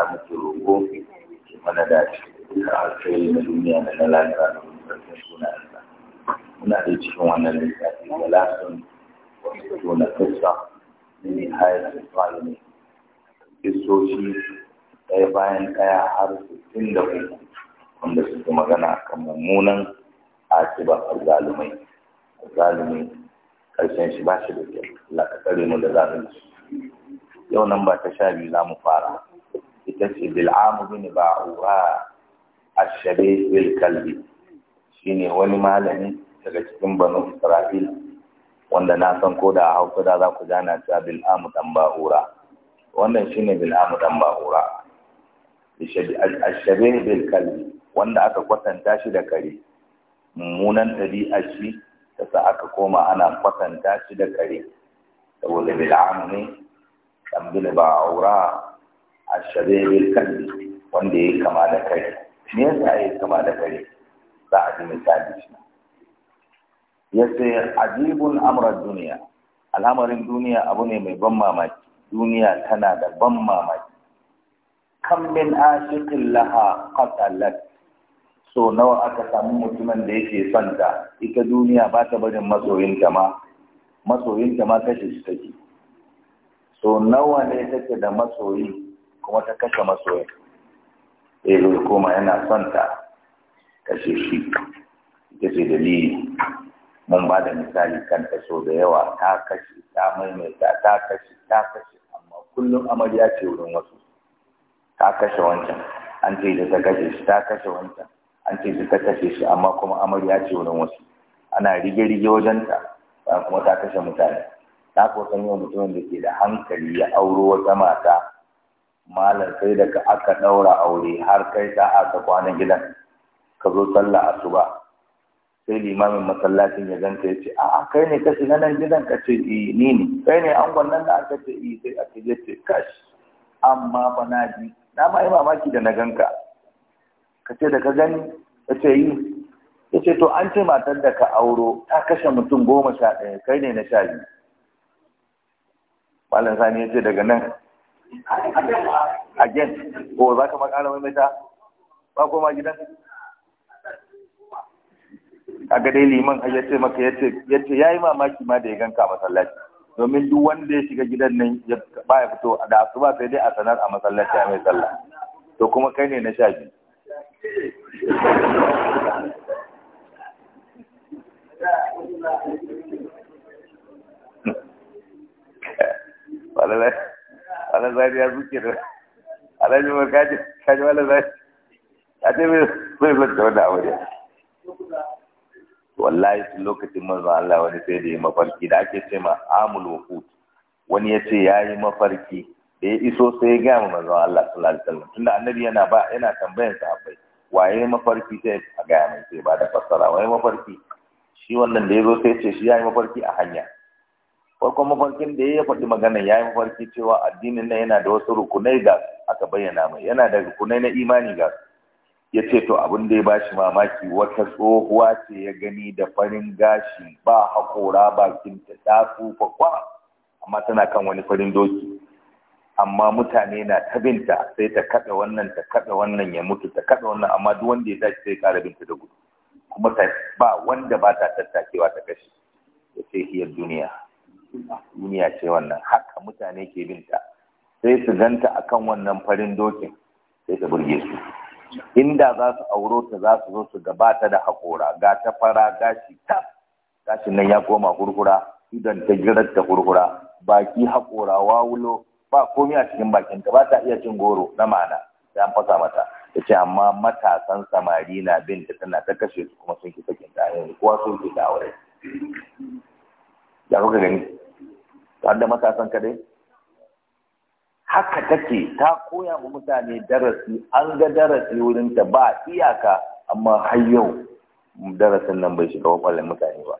Allah muke roƙo ke mana da dace da alkhairi na duniya da na lahira da mutum suna Allah muna da cikin wannan lissafi da lasun wasu tona kissa na ne hayar su ne kistoci ɗaya bayan ɗaya har sittin da uku wanda suke magana kan mummunan akiba azzalumai azzalumai karshen shi ba shi da kyau mu da zalunci yau nan ba ta sha biyu za mu fara ita ce bil'amu bin ba'uwa ashabe bil kalbi shine wani malami daga cikin banu isra'il wanda na san ko da hausa da za ku gana ta bil'amu dan ba'ura wannan shine bil'amu dan ba'ura ashabe bil kalbi wanda aka kwatanta shi da kare mummunan ɗabi'ar shi ta sa aka koma ana kwatanta shi da kare saboda bil'amu ne dan bil ba'ura ashabe shabehin kalbi wanda ya yi kama da kare me yasa ya yi kama da kare za a ji misali shi ya ce ajibun amrar duniya al'amarin duniya abu ne mai ban mamaki duniya tana da ban mamaki kan min ashiqin laha qatalat so nawa aka samu mutumin da yake son ta ita duniya ba ta barin masoyinta ma masoyinta ma kashe shi take so nawa ne take da masoyi kuma ta kashe masoyin sai zai koma yana son ta kashe shi ita ce dalili mun ba da misali kan ta so da yawa ta kashe ta maimaita ta kashe ta kashe amma kullum amarya ce wurin wasu ta kashe wancan an ce da ta kashe shi ta kashe wancan an ce da ta kashe shi amma kuma amarya ce wurin wasu ana rige-rige wajenta ba kuma ta kashe mutane ta ko san yau mutumin da ke da hankali ya auro wata mata malam sai daga aka ɗaura aure har kai ta kwanan gidan ka zo sallah asuba sai limamin masallacin ya zanta ya ce a'a kai ne kashi na nan gidan ka ce eh ni ne kai ne an gwannan da aka ce eh sai aka je ce kash amma fa na ji na ma yi mamaki da na ganka ka ce da ka gani ka ce yi eh. ya ce to an ce matar da ka auro ta kashe mutum goma sha ɗaya kai ne na sha biyu malam sani ya ce daga nan again ko za ka makara mai ba koma gidan a dai liman a yace maka yace yace ya yi mamaki ma da ya ganka masallaci domin duk wanda ya shiga gidan nan ya ba ya fito da asuba sai dai a sanar a masallaci a mai sallah to kuma kai ne na sha biyu wani zari ya zuke da alhaji mai kaji kaji wani zari Ya ce mai zai da wani abu ne. wallahi tun lokacin manzon Allah wani sai da ya mafarki da ake ce ma amul wufut wani ya ce ya yi mafarki da ya iso sai ya gaya ma manzon Allah sallallahu alaihi wasallam tunda annabi yana ba yana tambayan sahabbai waye mafarki sai a gaya mai sai ba da fassara waye mafarki shi wannan da ya zo sai ya ce shi ya yi mafarki a hanya farkon mafarkin da ya faɗi magana ya yi mafarki cewa addinin nan yana da wasu rukunai ga aka bayyana mai yana da rukunai na imani ga ya ce to abin da ya ba shi mamaki wata tsohuwa ce ya gani da farin gashi ba haƙora bakin ta ta tsufa kwa amma tana kan wani farin doki amma mutane na tabinta sai ta kaɗa wannan ta kaɗa wannan ya mutu ta kaɗa wannan amma duk wanda ya tashi sai ƙara binta da gudu kuma ba wanda ba ta tattakewa ta kashe ya ce hiyar duniya duniya ce wannan haka mutane ke binta sai su ganta a kan wannan farin dokin sai ta burge su inda za su auro ta za su zo su gabata da haƙora ga ta fara gashi ta gashin nan ya koma kurkura idan ta jirar ta kurkura baki haƙora wawulo ba komai a cikin bakinta ba ta iya cin goro na ma'ana sai an fasa mata ta ce amma matasan samari na bin ta tana ta kashe su kuma sun ki sakin ta yanzu kowa sun ki da aure ya kuka gani ta da matasan dai haka take ta koya wa mutane darasi an ga darasi wurin ta ba iyaka amma har yau darasin nan bai shiga kwakwalen mutane ba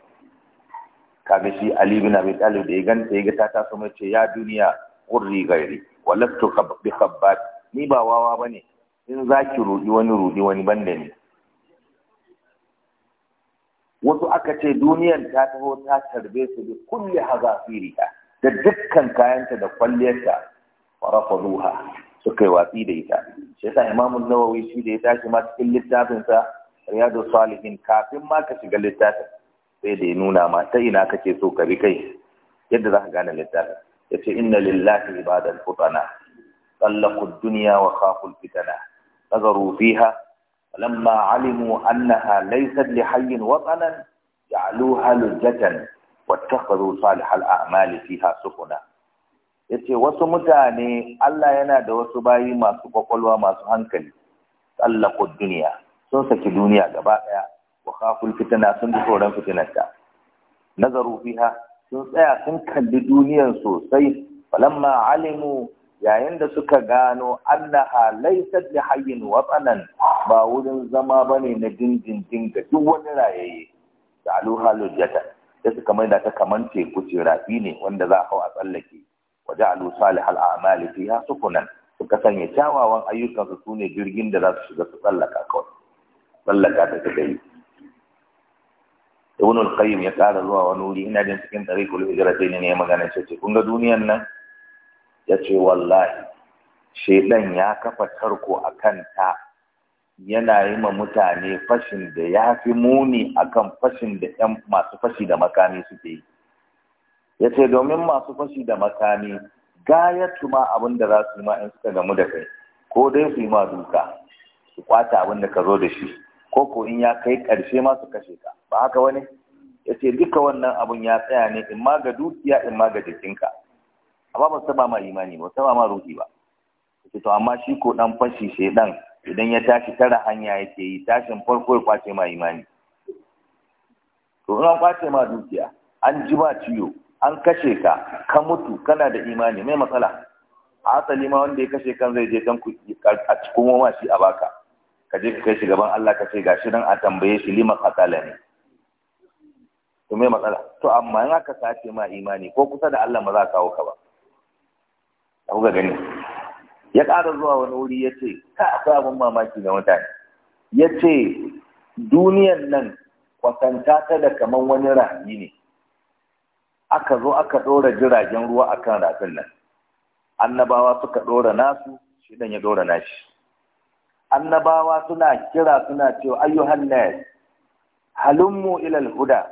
kaga shi ali bin abi talib da ya ganta ya ga ta taso ce ya duniya qurri gairi walastu bi khabbat ni ba wawa bane in zaki rudi wani rudi wani banda ne wasu aka ce duniyar ta taho ta tarbe su bi kulli hazafiriya da dukkan kayanta da kwalliyarta farafaduha suka yi watsi da ita shi yasa imamu nawawi shi da ya tashi ma cikin littafinsa riyadu salihin kafin ma ka shiga littafin sai da ya nuna ma ta ina kake so ka bi kai yadda za ka gane littafin ya ce inna lillahi ibadan futana wa الدنيا وخافوا الفتنة نظروا فيها فلما علموا أنها ليست لحي وطنا جعلوها لجة wattakhadhu salihal a'mali fiha sufuna yace wasu mutane Allah yana da wasu bayi masu kwakwalwa masu hankali tsallaqu duniya sun saki duniya gaba daya wa khaful fitna sun ji tsoron fitinarta nazaru fiha sun tsaya sun kalli duniyar sosai falamma alimu yayin da suka gano annaha laysat da hayyin watsanan ba wurin zama bane na dindindin ga duk wani rayaye da aluha lujjata sai suka mai da ta kamar teku ce rafi ne wanda za a hau a tsallake wa ja'alu salihal a'mali fiha sukunan suka sanya kyawawan ayyukansu su ne jirgin da za su shiga su tsallaka kawai tsallaka ta Ta gari ibn al-qayyim ya ƙara zuwa wani wuri ina jin cikin tariqul hijrati ne magana ce ce kun ga duniyan nan ya ce wallahi shedan ya kafa tarko akan ta yana yi ma mutane fashin da ya fi muni a kan fashin da ‘yan masu fashi da makami suke yi. Ya ce domin masu fashi da makami gayatu ma abin da za su yi ma suka gamu da kai, ko dai su yi ma duka, su kwata abin da ka zo da shi, ko ko in ya kai ƙarshe ma su kashe ka, ba haka wani? Ya ce duka wannan abin ya tsaya ne in ma ga dukiya in ma ga jikinka, amma ba su taba ma imani ba, ba ma ruhi ba. to amma shi ko ɗan fashi shaidan idan ya tashi tara hanya yake yi tashin farko ya kwace ma imani to in kwace ma dukiya an ji ba ciwo an kashe ka ka mutu kana da imani mai matsala a asali ma wanda ya kashe kan zai je ku a cikin wama shi a baka ka je ka kai shi gaban Allah ka ce gashi nan a tambaye shi lima katala ne to mai matsala to amma in aka sace ma imani ko kusa da Allah ma za ka kawo ka ba ku ga gani ya ƙara zuwa wani wuri ya ce ka a abin mamaki ga mutane ya ce duniyan nan kwatanta ta da kamar wani rami ne aka zo aka ɗora jiragen ruwa a kan rafin nan annabawa suka ɗora nasu shi ya ɗora nashi annabawa suna kira suna cewa ayyuhan nas halummu ilal huda,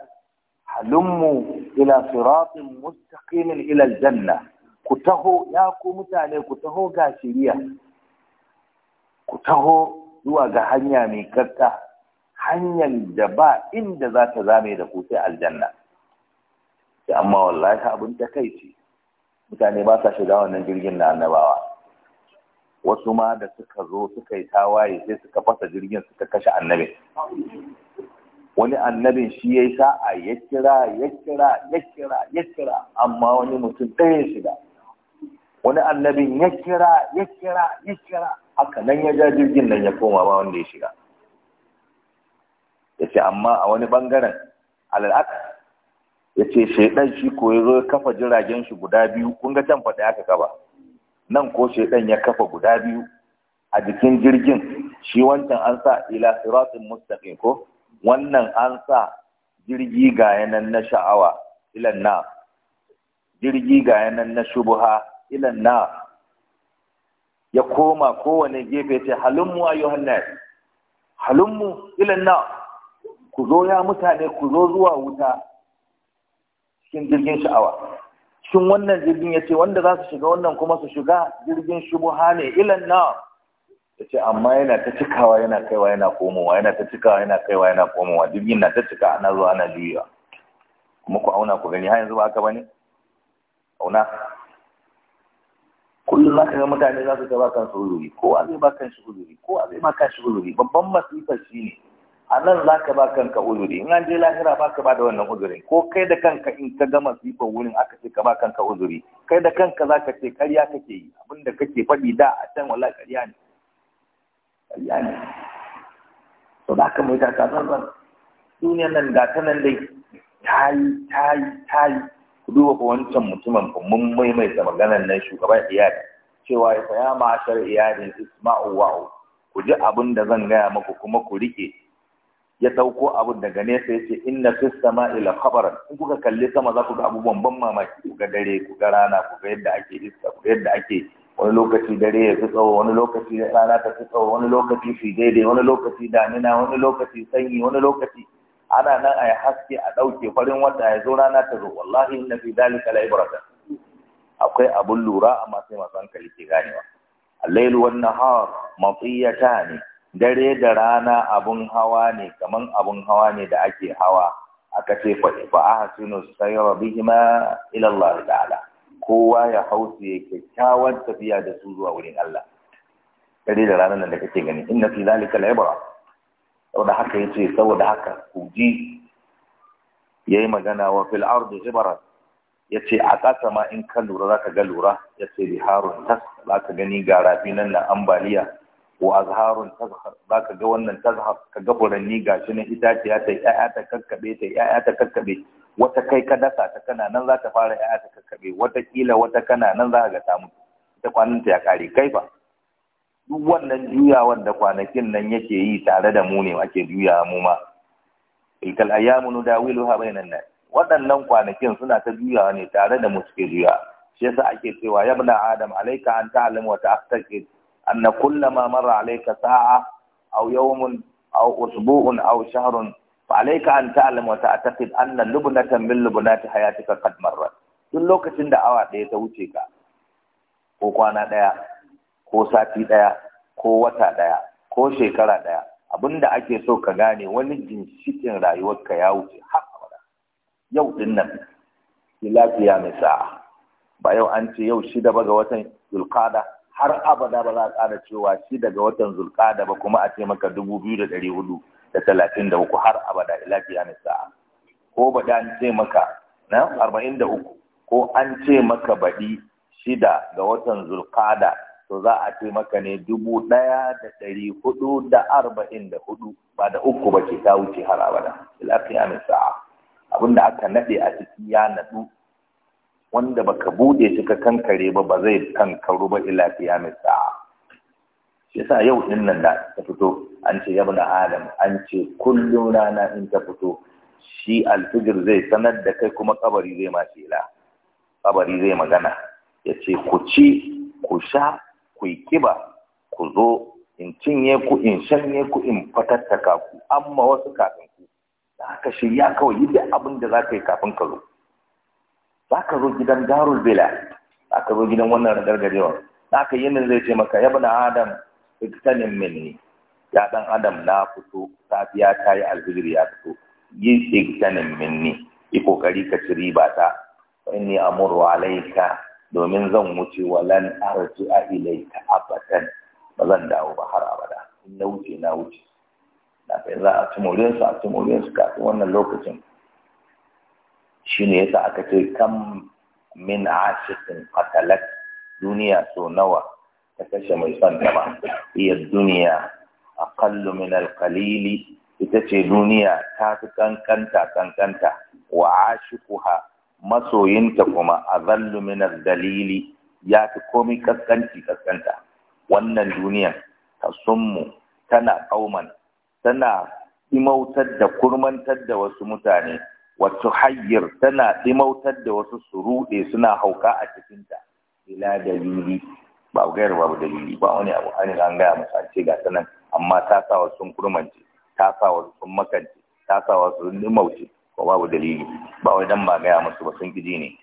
halummu ila siratin mustaqimin ilal janna.' ku taho ya ku mutane ku taho ga shiriya ku taho zuwa ga hanya mai karka hanyar da ba inda za ta zame da ku sai aljanna sai amma wallahi abin ta kai ce mutane ba sa shiga wannan jirgin na annabawa wasu ma da suka zo suka yi tawaye sai suka fasa jirgin suka kashe annabi. wani annabin shi ya yi sa'a ya kira ya kira ya kira ya kira amma wani mutum ɗaya shiga wani annabin ya kira ya kira ya kira haka nan ya ja jirgin nan ya koma ba wanda ya shiga ya ce amma a wani bangaren al'ad ya ce shaidan shi ko ya zo kafa jiragen shi guda biyu kun can faɗi aka kaba nan ko shaidan ya kafa guda biyu a jikin jirgin shi wancan an sa ila siratin mustaqim ko wannan an sa jirgi ga yanan na sha'awa ilan na jirgi ga yanan na shubuha ilan na ya koma kowane gefe ce halummu a nas halummu ilan na ku zo ya mutane ku zo zuwa wuta cikin jirgin sha'awa shin wannan jirgin ya ce wanda za su shiga wannan kuma su shiga jirgin shubuha ne ilan na ya ce amma yana ta cikawa yana kaiwa yana komowa yana ta cikawa yana kaiwa yana komowa jirgin na ta cika ana zuwa ana juyewa kuma ku auna ku gani har yanzu ba haka bane auna kullum za ka ga mutane za su ga bakan su uzuri a zai bakan shi uzuri a zai bakan shi uzuri babban masifar shi ne a nan za ka ba ka uzuri in an je lahira ba ka ba da wannan uzurin ko kai da kanka in ka gama sifar wurin aka ce ka ba ka uzuri kai da kanka za ka ce karya kake yi abin da kake faɗi da a can wala karya ne karya ne to da aka mai taka zan duniyan nan ga ta nan dai ta yi ta yi ta yi ku duba ko wancan mutumin fa mun maimaita maganar nan shugaban iyali cewa ya saya mashar iyalin isma'u wa'u ku ji abin da zan gaya muku kuma ku rike ya dauko abin daga nesa yace inna fis sama'i la khabaran in kuka kalli sama za ku ga abubuwan ban mamaki ku ga dare ku ga rana ku ga yadda ake iska ku ga yadda ake wani lokaci dare ya fi tsawo wani lokaci rana ta fi tsawo wani lokaci shi daidai wani lokaci damina wani lokaci sanyi wani lokaci ana nan a yi haske a ɗauke farin wata ya zo rana ta zo wallahi inna fi dalika la ibratan akwai abun lura amma sai masu hankali ke ganewa al-lailu wan nahar ne dare da rana abun hawa ne kaman abun hawa ne da ake hawa aka ce fa ahsinu sayra bihima ila Allah ta'ala kowa ya su ya kyakkyawar tafiya da su zuwa wurin Allah dare da rana nan da kake gani inna fi zalika la'ibara. saboda haka yace saboda haka ku ji yayi magana wa fil da ibrat ya ce a ƙasa ma in ka lura za ka ga lura ya ce biharun tas za ka gani ga rafi nan na ambaliya a azharun tas za ka ga wannan tas, ka ga furanni ga shi na itaciya ta ya'ya ta kakkaɓe ta ya'ya ta kakkaɓe wata kai ka dasa ta kana nan za ta fara ya'ya ta kakkaɓe wata kila wata kana nan za ka ga ta mutu ita kwanan ta ya kare kai ba duk wannan juyawan da kwanakin nan yake yi tare da mu ne ake juyawa mu ma ilkal ayyamu nudawiluha bainan nas waɗannan kwanakin suna ta juyawa ne tare da mu suke juya shi yasa ake cewa ya bna adam alayka an ta'alim wa ta'taqid anna kullama marra alayka sa'a aw yawmun aw usbu'un aw shahrun fa alayka an ta'alim wa ta'taqid anna lubnatan min lubnati hayatika qad marrat duk lokacin da awa ɗaya ta wuce ka ko kwana ɗaya ko sati ɗaya ko wata ɗaya ko shekara ɗaya abinda ake so ka gane wani ginshikin rayuwarka ya wuce har yau din nan ila qiyamah sa'a ba yau an ce yau shida ba ga watan zulqada har abada ba za a ƙara cewa shi daga watan zulqada ba kuma a ce maka dubu biyu da ɗari hudu da talatin da uku har abada ila qiyamah sa'a ko ba an ce maka na arba'in da uku ko an ce maka baɗi shida ga watan zulkada to za a ce maka ne dubu ɗaya da ɗari hudu da arba'in da hudu ba da uku ba ce ta wuce har abada ila mai sa'a Abin da aka nade a ciki ya nadu wanda baka bude shi ka kankare ba ba zai kankaru ba ila sa shi yasa yau din nan da ta fito an ce ya bani adam an ce kullum rana in ta fito shi alfijir zai sanar da kai kuma kabari zai ma shela kabari zai magana ya ce ku ci ku sha ku kiba ku zo in cinye ku in shanye ku in fatattaka ku amma wasu kafin da haka shirya kawai yi da abin da za ka yi kafin ka zo za ka zo gidan darul bela za ka zo gidan wannan ragargarewa za ka yi zai ce maka ya bana adam iktanin mini ya dan adam na fito safiya ta yi alfijir ya fito yi iktanin mini yi kokari ka ci riba ta fa inni amuru alaika domin zan wuce walan arji a ilaika abadan ba zan dawo ba har abada in na wuce na wuce kafin za a ci su, a ci su kafin wannan lokacin shi ne yasa aka ce kam min ashikin katalak duniya so nawa ta kashe mai son dama iya duniya a kallo min kalili. ita ce duniya ta fi kankanta kankanta wa ashiquha masoyinta kuma zallu min dalili ya fi komai kaskanci kaskanta wannan duniyan sunmu tana kauman tana imautar da kurmantar da wasu mutane wato hayyar tana imautar da wasu su ruɗe suna hauka a cikinta ila dalili ba gayar babu dalili ba wani abu an an gaya musu ce ga sanan amma ta sa wasu sun ta sa wasu sun makance ta sa wasu sun imauce ko babu dalili ba wai dan ba gaya musu ba sun kiji ne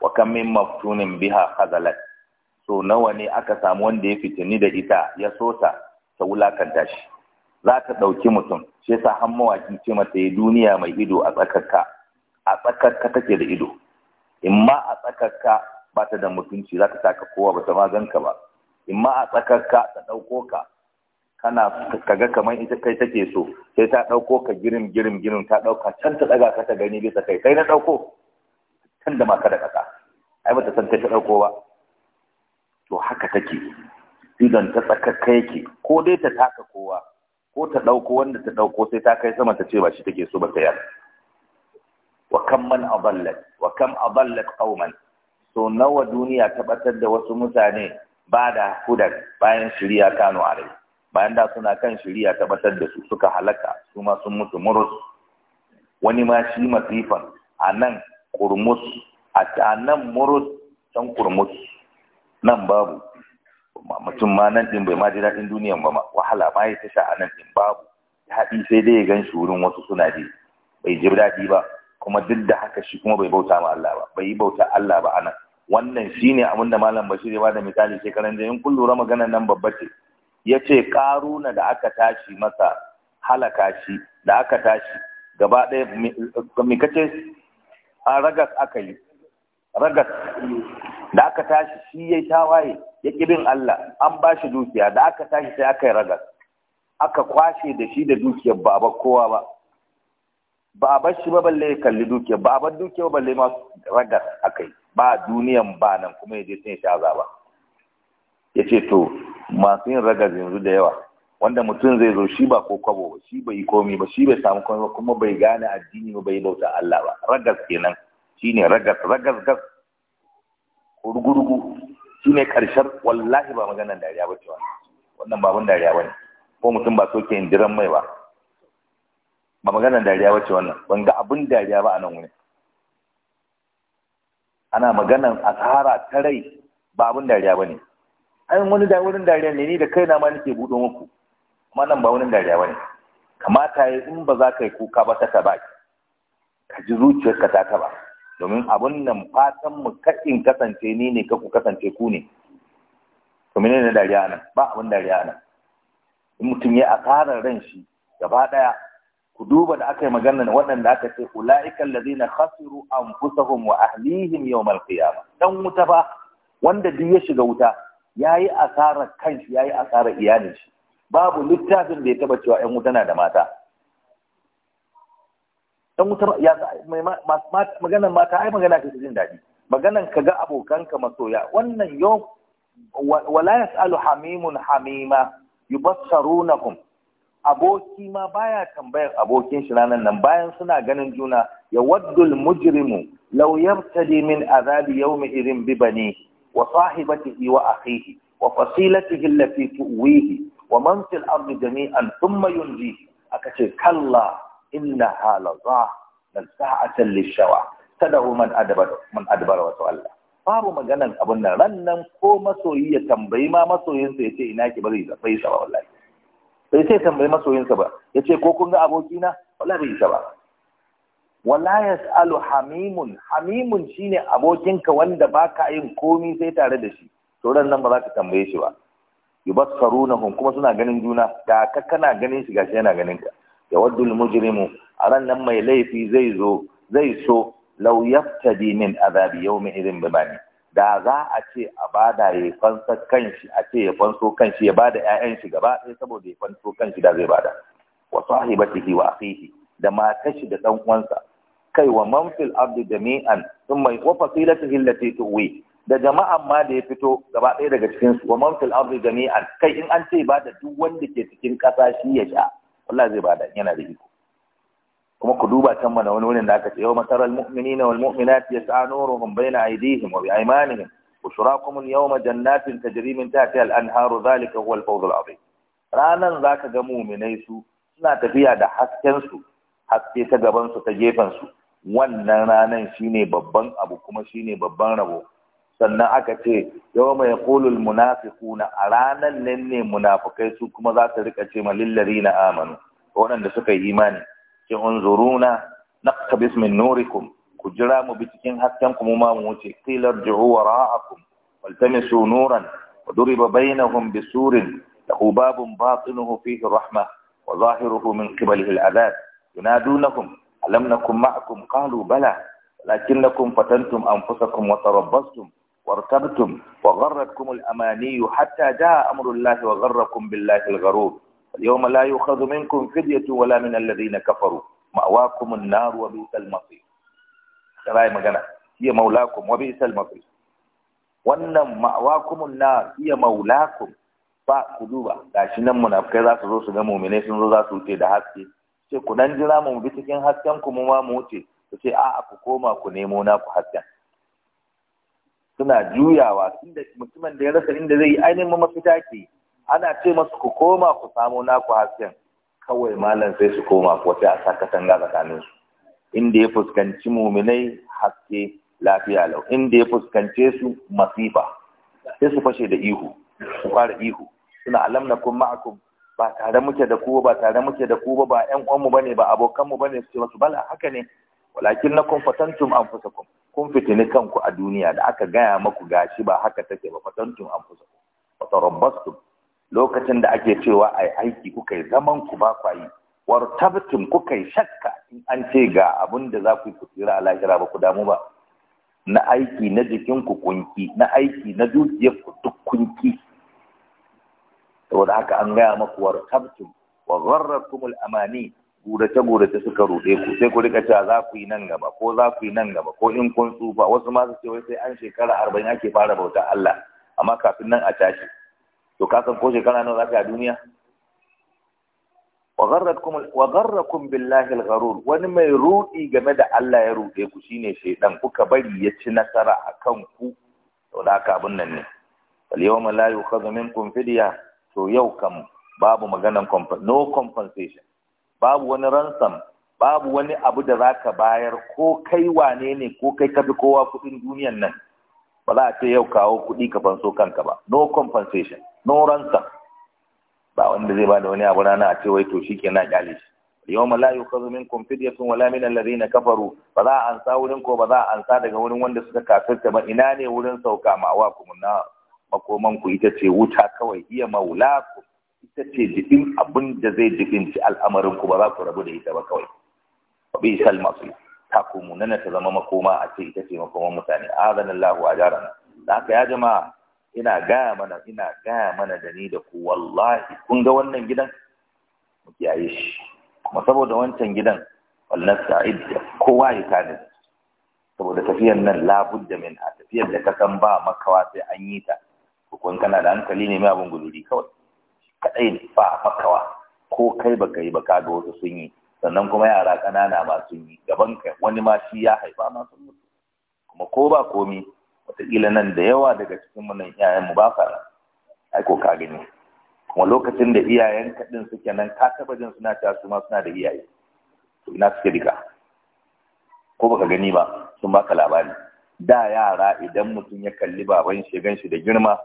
wa kam min maftunin biha khazalat so nawa ne aka samu wanda ya fitini da ita ya sota ta wulakanta shi za ka ɗauki mutum shi yasa har mawaƙi ce mata yi duniya mai ido a tsakarka a tsakarka take da ido in ma a tsakarka ba ta da mutunci za ka taka kowa ba ta ma ka ba in ma a tsakarka ta ɗauko ka kana kaga kamar ita kai take so sai ta ɗauko ka girin-girin, girin ta ɗauka can ta ɗaga ka ta gani bisa kai kai na ɗauko can da ma ka da ƙasa ai ba ta san kai ta ɗauko ba to haka take idan ta tsakakka yake ko dai ta taka kowa ko ta ɗauko wanda ta ɗauko sai ta kai sama ta ce ba shi take so ba ta yar wa kam man adallat wa kam adallat qauman so nawa duniya ta batar da wasu mutane ba da hudar bayan shirya kano alai bayan da suna kan shirya ta batar da su suka halaka su ma sun mutu murus wani ma shi masifan a nan kurmus a nan murus can kurmus nan babu mutum ma nan din bai ma ji daɗin duniyan ba wahala ma ya tasha a nan din babu haɗi sai dai ya gan shi wurin wasu suna ji bai ji daɗi ba kuma duk da haka shi kuma bai bauta ma Allah ba bai bauta Allah ba anan wannan shine abin da malam Bashir ya bada misali shekaran da in kun lura maganar nan babba ce yace karuna da aka tashi masa halaka shi da aka tashi gaba ɗaya me kace a ragas aka yi ragas da aka tashi shi ya tawaye ya ƙirin Allah an ba shi dukiya da aka tashi sai aka yi ragas aka kwashe da shi da dukiyar ba kowa ba ba shi ba balle ya kalli dukiyar ba a bar dukiyar balle ma ragas aka yi ba duniyan ba nan kuma ya je sun sha ba. ya ce to masu yin ragas yanzu da yawa wanda mutum zai zo shi ba ko kwabo ba shi bai komi ba shi bai samu komi ba kuma bai gane addini ba bai bauta Allah ba ragas kenan shine ragas ragas gas rugu shi ne ƙarshen wallahi ba maganar dariya ba ce wannan babun dariya ba ne ko mutum ba so ke jiran mai ba ba maganar dariya ba ce wannan ban ga abin dariya ba a nan wuni ana maganar asara ta rai ba abin dariya ba ne an wani da wurin dariya ne ni da kai na ma nake buɗo muku amma nan ba wurin dariya ba ne kamata ya in ba za ka yi kuka ba ta taba ka ji zuciyarka ta taba domin abin nan fatan mu kaɗin kasance ni ne ku kasance ku ne to mene ne dariya nan ba abin dariya nan in mutum ya asarar ran shi gaba ɗaya ku duba da aka yi magana waɗanda aka ce ula'ika allazina khasiru anfusahum wa ahlihim yawmal qiyamah dan wuta ba, wanda duk ya shiga wuta yayi asarar kanshi yayi asarar iyalin shi babu littafin da ya taba cewa 'yan wuta na da mata dan wutar ya mai maganar mata ai magana ta jin daɗi maganan ka ga abokanka masoya wannan yau wala yasalu hamimun hamima yubassarunakum aboki ma baya tambayar abokin shi ranan nan bayan suna ganin juna ya waddul mujrimu law yartadi min azabi yawmi idhin bi banihi wa sahibatihi wa akhihi wa fasilatihi allati tuwihi wa man fil ardi jami'an thumma yunjihi aka ce kalla innaha lazah nasa'atan lishawa Ta man adbara man adabar wa Allah. babu maganan abun nan rannan ko masoyi ya tambayi ma masoyinsa ya ce ina ki ba zai bai sa ba wallahi bai sai tambayi masoyinsa ba ya ce ko kun ga abokina wallahi bai sa ba wala yas'alu hamimun hamimun shine abokinka wanda baka yin komi sai tare da shi to nan ba za ka tambaye shi ba yubassarunahum kuma suna ganin juna da ka kana ganin shi gashi yana ganin ka ya al-mujrimu a ran nan mai laifi zai zo zai so law yaftadi min azabi yawmin idin bibani da za a ce a bada ya fansa kanshi a ce ya fanso kanshi ya bada ƴaƴan shi gaba ɗaya saboda ya fanso kanshi da zai bada wa sahibatihi wa akhihi da matashi da dan uwansa kai wa man fil ardi jami'an thumma wa fasilatihi allati tuwi da jama'an ma da ya fito gaba ɗaya daga cikin su wa man fil ardi jami'an kai in an ce ba da duk wanda ke cikin ƙasa shi ya sha wallahi zai bada yana da iko kuma ku duba can mana wani wurin da aka ce yau masarar mu'minina wal mu'minati yas'a nuruhum bayna aydihim wa bi aymanihim yawma jannatin tajri min tahtiha al anharu dhalika huwa al fawz al azim ranan zaka ga mu'minai su suna tafiya da hasken su haske ta gaban su ta gefen su wannan ranan shine babban abu kuma shine babban rabo sannan aka ce yau mai kulul munafiquna a ranan nan ne munafukai su kuma za su rika ce lillari na amanu waɗanda suka yi imani ce unzuruna naqtabis min nurikum ku jira mu bi cikin hasken ku mu ma mu wuce qila irji'u wara'akum waltamisu nuran wa duriba bainahum bisurin lahu babun batinuhu fihi rahma wa zahiruhu min qibalihi al'adab yunadunakum alam nakum ma'akum qalu bala lakinnakum fatantum anfusakum wa tarabbastum وارتبتم وغرتكم الأماني حتى جاء أمر الله وغركم بالله الغرور اليوم لا يؤخذ منكم فدية ولا من الذين كفروا مأواكم النار وبئس المصير تراي مغنى هي مولاكم وبئس المصير wannan ma'awakumun na iya maulakum ba ku duba shi nan munafukai za su zo su ga mumine sun zo za su wuce da haske sai ku dan jira mu bi cikin hasken ku mu ma mu wuce ku ce a'a ku koma ku nemo na ku hasken suna juyawa inda mutumin da ya rasa inda zai yi ainihin mafita ke ana ce masu ku koma ku samo naku hasken kawai malam sai su koma ko sai a sakatan katanga tsakanin su inda ya fuskanci muminai haske lafiya lau inda ya fuskance su masifa sai su fashe da ihu su fara ihu suna alam na kun ma'akum ba tare muke da ku ba tare muke da ku ba ba ƴan uwanmu bane ba abokanmu bane su ce masu bala haka ne walakin na kun fatantum anfusakum kun fitini kanku a duniya da aka gaya maku gashi ba haka take ba fatantun an fusa fatarabbastu lokacin da ake cewa ai aiki kuka yi zaman ku ba kwa yi wartabtum kuka yi shakka in an ce ga abin da za ku yi ku a lahira ba ku damu ba na aiki na jikin ku kunki na aiki na dukiyar ku duk kunki saboda haka an gaya maku wartabtum wa gharrakumul amani gurace-gurace suka ruɗe ku sai ku rika cewa za ku yi nan gaba ko za ku yi nan gaba ko in kun tsufa wasu ma su ce wai sai an shekara arba'in ake fara bauta Allah amma kafin nan a tashi to ka san ko shekara nawa za ka yi a duniya wa gharrakum billahi al-gharur wani mai rudi game da Allah ya rude ku shine shaidan kuka bari ya ci nasara akan ku to da haka nan ne wal yawma la yukhadhu minkum fidya to yau kam babu maganan no compensation babu wani ransam babu wani abu da za ka bayar ko kai wane ne ko kai tafi kowa kudin duniyan nan ba za a ce yau kawo kudi ka fanso kanka ba no compensation no ransom ba wanda zai ba da wani abu rana a ce wai to shike na kyale shi yawma la ko minkum fidyatun wala min na kafaru ba za a ansa wurin ko ba za a ansa daga wurin wanda suka kafirta ba ina ne wurin sauka wa kuma na makoman ku ita ce wuta kawai iya ku. ita ce jibin abin da zai jibinci al'amarin ku ba za ku rabu da ita ba kawai wa bi sal masu ta kuma, nan ta zama makoma a ce ita ce makoman mutane azan Allah wa jarana da haka ya jama'a ina gaya mana ina gaya mana da ni da ku wallahi kun ga wannan gidan mu kiyaye shi kuma saboda wancan gidan wallan sa'id kowa ya tani saboda tafiyar nan labudda min a tafiyar da ka san ba makawa sai an yi ta kun kana da hankali ne mai abin guduri kawai kadai ne ba makawa ko kai baka yi ba kaga wasu sun yi sannan kuma yara ƙanana ma sun yi gaban kai wani ma shi ya haifa ma sun mutu kuma ko ba komi wataƙila nan da yawa daga cikin mu nan iyayenmu ba sa nan ai ko ka gani kuma lokacin da iyayen kaɗin suke nan ka taɓa jin suna ta su ma suna da iyaye to ina suke dika? ko baka gani ba sun baka labari da yara idan mutum ya kalli baban shi gan shi da girma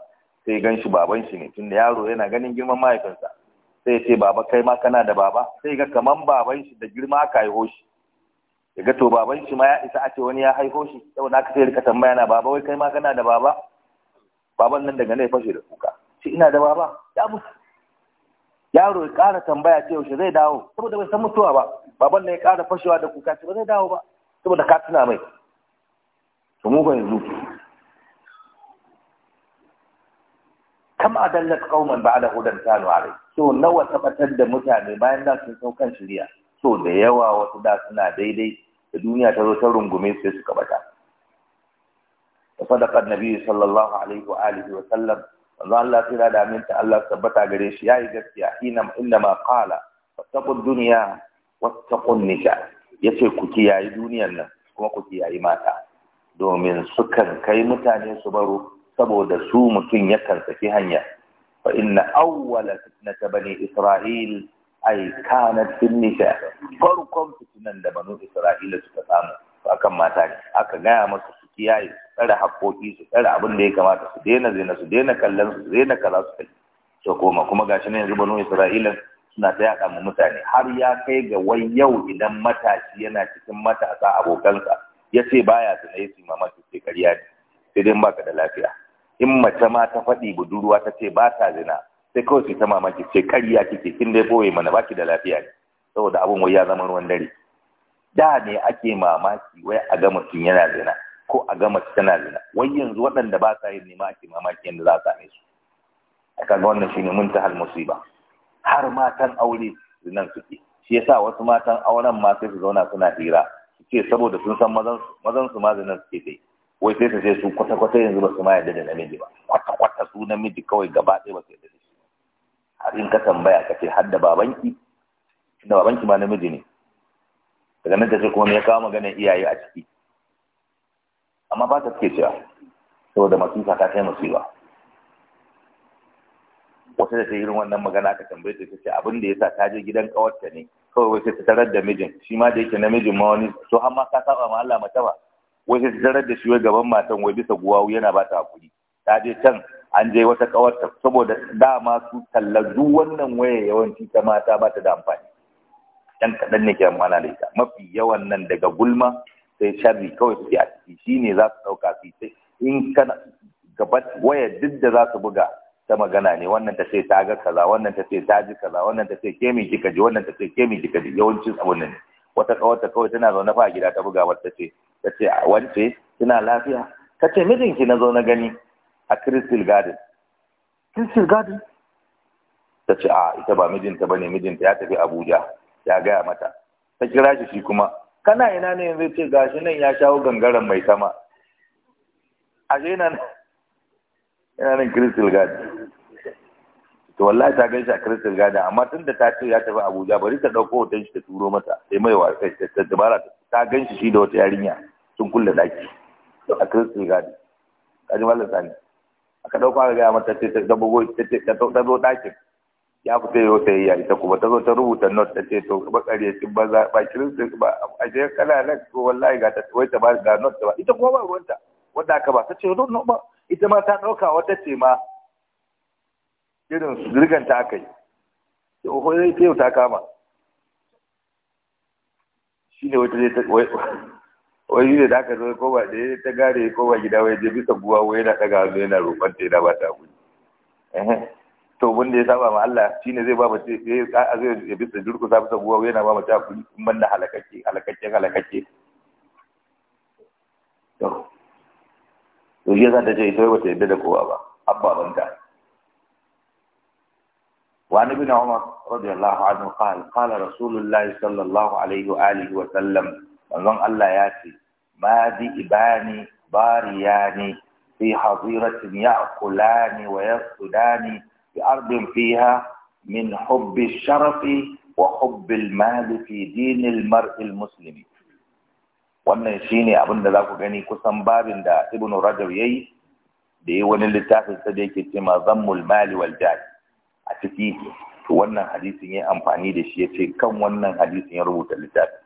sai gan shi baban shi ne tunda yaro yana ganin girman mahaifinsa sai ce baba kai ma kana da baba sai ga kaman baban shi da girma aka haiho shi ya ga to baban shi ma ya isa a ce wani ya haiho shi saboda aka sai rika tambaya na baba wai kai ma kana da baba baban nan daga nan ya fashe da kuka shi ina da baba ya mutu yaro ya ƙara tambaya ce yaushe zai dawo saboda bai san mutuwa ba baban nan ya ƙara fashewa da kuka ce ba zai dawo ba saboda ka tuna mai to mu yanzu kam adallat qauman ba'da hudan kanu alai so nawa tabbatar da mutane bayan da sun saukan shari'a so da yawa wasu da suna daidai da duniya ta zo ta rungume sai suka bata صدق النبي صلى الله عليه وآله وسلم manzo Allah tira da aminta Allah tabbata gare shi yayi gaskiya inam ma qala wattaqud dunya wattaqun nisa yace ku kiyayi duniyar nan kuma ku kiyayi mata domin sukan kai mutane su baro saboda su mutum yakan saki hanya fa inna awwala fitnata bani isra'il ay kanat fil nisa farkon fitinan da banu isra'ila suka samu akan mata ne aka gaya masa su kiyaye su tsare haƙoƙi su tsare abin da ya kamata su daina zina su daina kallon su daina kaza su kai to koma kuma gashi ne yanzu banu isra'ila suna ta yaɗa mu mutane har ya kai ga wai yau idan matashi yana cikin matasa abokansa ya ce baya zina su mamaki sai ƙarya ne sai dai ba ka da lafiya in mace ma ta faɗi budurwa ta ce ba ta zina sai kawai su ta mamaki ce karya kike kin dai boye mana ba ki da lafiya ne saboda abin wai ya zama ruwan dare da ne ake mamaki wai a ga mutum yana zina ko a ga mace tana zina wai yanzu waɗanda ba sa yin nema ake mamaki yadda za a same su a kaga wannan shine mun ta hal musiba har matan aure zinan suke shi yasa wasu matan auren ma sai su zauna suna hira su ce saboda sun san mazan su ma zinan suke dai wai sai ka ce su kwata-kwata yanzu ba su ma yadda da namiji ba kwata-kwata su namiji kawai gaba ɗaya ba su yadda da shi har in ka tambaya ka ce har da babanki da babanki ma namiji ne daga nan ta ce kuma me ya kawo magana iyaye a ciki amma ba ta suke cewa saboda masifa ta kai masifa. wata da ta irin wannan magana ka tambaye ta ce abin da sa ta je gidan kawarta ne kawai wai sai ta tarar da mijin shi ma da yake namijin ma wani so har ma ka saba ma Allah mace ba wai sai zarar da shi wai gaban matan wai bisa guwawu yana ba ta hakuri ta je can an je wata kawarta saboda dama su tallazu wannan waya yawanci ta mata ba ta da amfani dan kaɗan ne ke amfana da ita mafi yawan nan daga gulma sai sharri kawai suke a ciki shine za su ɗauka su sai in kana gabat waya duk da za su buga ta magana ne wannan ta ce ta ga kaza wannan ta ce ta ji kaza wannan ta ce ke mi kika ji wannan ta ce ke mi kika ji yawancin abun ne wata kawarta kawai tana zaune fa gida ta buga wata ta ce ta ce wance kina lafiya ta ce mijinki na zo na gani a crystal garden crystal garden ta ce a ita ba mijinta ba ne mijinta ya tafi abuja ya gaya mata ta kira shi shi kuma kana ina ne yanzu ce shi nan ya shawo gangaren mai sama a nan yana nan crystal garden to wallahi ta gaishe a crystal garden amma tun da ta ce ya tafi abuja bari ta ɗauko hoton shi ta turo mata sai mai wasa ta dabara ta ganshi shi da wata yarinya sun kulle daki a kristi gadi kaji mallan sani aka dauko aka gaya mata ce ta bugo ta ce ta zo dakin ya fita yau ta yi ita kuma ta zo ta rubuta not ta ce to kare shi ba za ba kristi ba a je kana nan ko wallahi ga ta wai ta ba ga not ta ba ita kuma ba ruwanta wanda aka ba ta ce don ba ita ma ta dauka wata ce ma irin su girganta aka yi yau ta kama shi ne wata zai ta wai shi ne da aka zo ko ba da ya ta gare ko ba gida wai je bisa guwa wai yana daga hannu yana roƙon ta yana ba ta hakuri to mun da ya saba ma Allah shi ne zai ba mu ce sai a zai ya bisa durku sa bisa guwa wai yana ba mu ta hakuri in banda halakakke halakake halakake to to shi yasa ta ce ita ba ta yadda da kowa ba abbabanta وعن ابن عمر رضي الله عنه قال قال رسول الله صلى الله عليه وآله وسلم من الله ياتي مادئبان باريان في حظيرة يأكلان ويسجدان بأرض فيها من حب الشرف وحب المال في دين المرء المسلم wannan shine abin da za ku gani kusan babin da ibn rajab yayi da yi wani littafin sa da yake ce ma zammul mali wal jari a ciki to wannan hadisin ya amfani da shi yace kan wannan hadisin ya rubuta littafin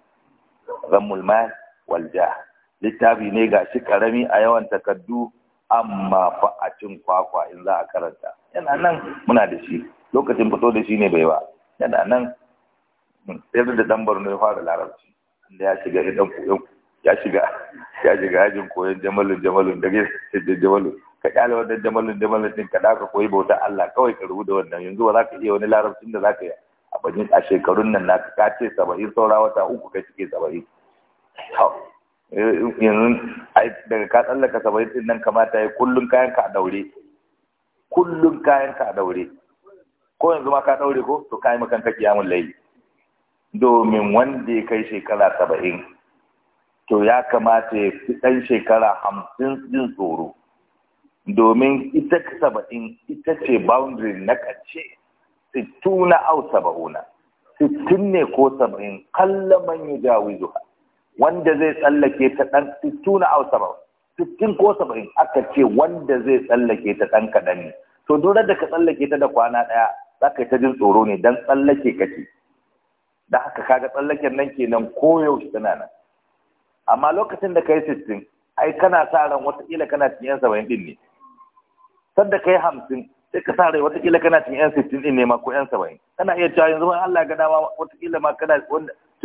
zammul mali wal jari littafi ne ga shi karami a yawan takardu amma fa a cin kwakwa in za a karanta yana nan muna da shi lokacin fito da shi ne bai ba yana nan yadda hmm. da dan barno ya fara larabci inda ya shiga idan koyon ya shiga ya shiga yajin koyon jamalun jamalun da gaisa jamalun ka kyale wannan jamalun jamalun din ka daka koyi bauta Allah kawai ka rubuta wannan yanzu ba za ka iya wani larabcin da za ka yi a shekarun nan na ka ce saba'in saura wata uku ka cike saba'in yanzu daga ka tsallaka saba'in din nan kamata ya kullum kayan ka a daure kullum kayan ka a daure ko yanzu ma ka daure ko to kai makan ka kiyamu layi domin wanda ya kai shekara saba'in to ya kamata ya fi ɗan shekara hamsin jin tsoro domin ita saba'in ita ce boundary na ƙarshe sittuna au saba'una sittin ne ko saba'in kalla man yi zuwa. wanda zai tsallake ta ɗan tuna au saba'in tuttun ko saba'in aka ce wanda zai tsallake ta ɗan kaɗan ne to dole da ka tsallake ta da kwana ɗaya za ka yi ta jin tsoro ne don tsallake ka ce. da haka kaga tsallaken nan kenan koyaushe tana nan amma lokacin da ka yi sittin ai kana sa ran watakila kana cikin yan saba'in ɗin ne sadda ka yi hamsin sai ka sa rai watakila kana cikin yan sittin ɗin ne ma ko yan saba'in kana iya cewa yanzu ma Allah ya ga dama watakila ma kana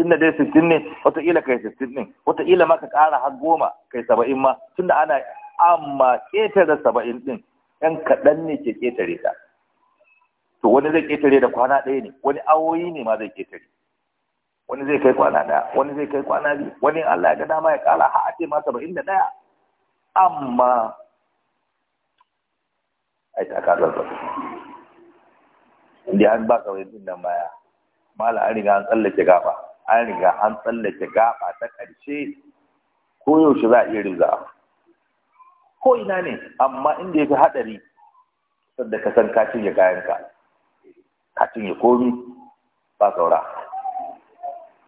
tunda dai sittin ne wataƙila kai sittin ne wataƙila ma ka ƙara har goma kai saba'in ma tunda ana amma ƙetare saba'in ɗin ɗan kaɗan ne ke ƙetare ta to wani zai ƙetare da kwana ɗaya ne wani awoyi ne ma zai ƙetare wani zai kai kwana ɗaya wani zai kai kwana biyu wani Allah ya ga dama ya ƙara har a ce ma saba'in da ɗaya amma ai ta ka zarta inda an ba ka wani nan baya mala an riga an tsallake gaba an riga an tsallake gaba ta ƙarshe ko yaushe za a iya riga ko ina ne amma inda ya fi haɗari sadda ka san ka cinye kayanka ka cinye komi ba saura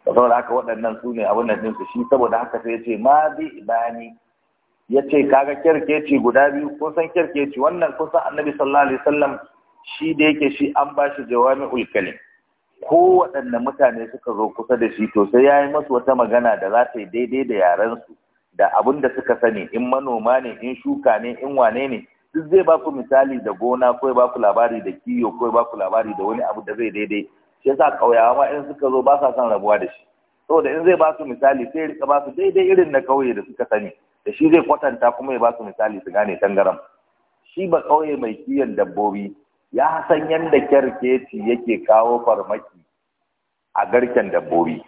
ba saura haka waɗannan su ne abin nan su shi saboda haka sai ya ce ma bi ibani ya ce kaga kyarkeci guda biyu kun san kyarkeci wannan kusan annabi sallallahu alaihi wasallam shi da yake shi an ba shi jawami kalim Ko kowaɗanne mutane suka zo kusa da shi to sai ya yi masu wata magana da za ta yi daidai da yarensu da abin da suka sani in manoma ne in shuka ne in wane ne duk zai ba ku misali da gona ko ba ku labari da kiyo ko ba ku labari da wani abu da zai daidai shi yasa ƙauyawa ma in suka zo ba sa son rabuwa da shi saboda in zai ba su misali sai rika ba su daidai irin na ƙauye da suka sani da shi zai kwatanta kuma ya ba su misali su gane tangaram shi ba ƙauye mai kiyon dabbobi ya san yadda kyarkeci yake kawo farmaki a garken dabbobi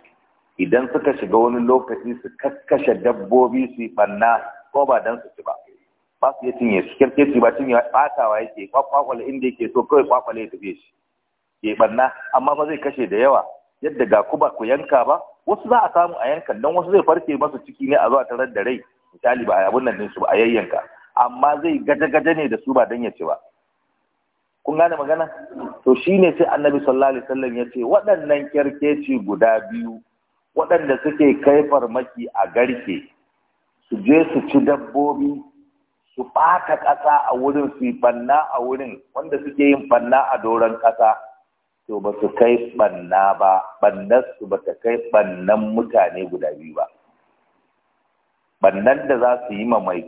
idan suka shiga wani lokaci su kakkashe dabbobi su yi banna ko ba don su ci ba ba su iya cinye su kyarkeci ba cinye batawa yake kwakwakwale inda yake so kawai kwakwale ya tafiye shi ya banna amma ba zai kashe da yawa yadda ga ku ba ku yanka ba wasu za a samu a yankan don wasu zai farke masu ciki ne a zuwa tarar da rai misali ba a abun nan ba a yayyanka amma zai gaje-gaje ne da su ba don ya ci ba kun gane magana to shine sai annabi sallallahu alaihi wasallam ya ce waɗannan kyarkeci guda biyu waɗanda suke kai farmaki a garke su je su ci dabbobi su ɓata ƙasa a wurin su yi banna a wurin wanda suke yin banna a doron ƙasa to ba su kai banna ba bannan su ba ta kai bannan mutane guda biyu ba bannan da za su yi ma mai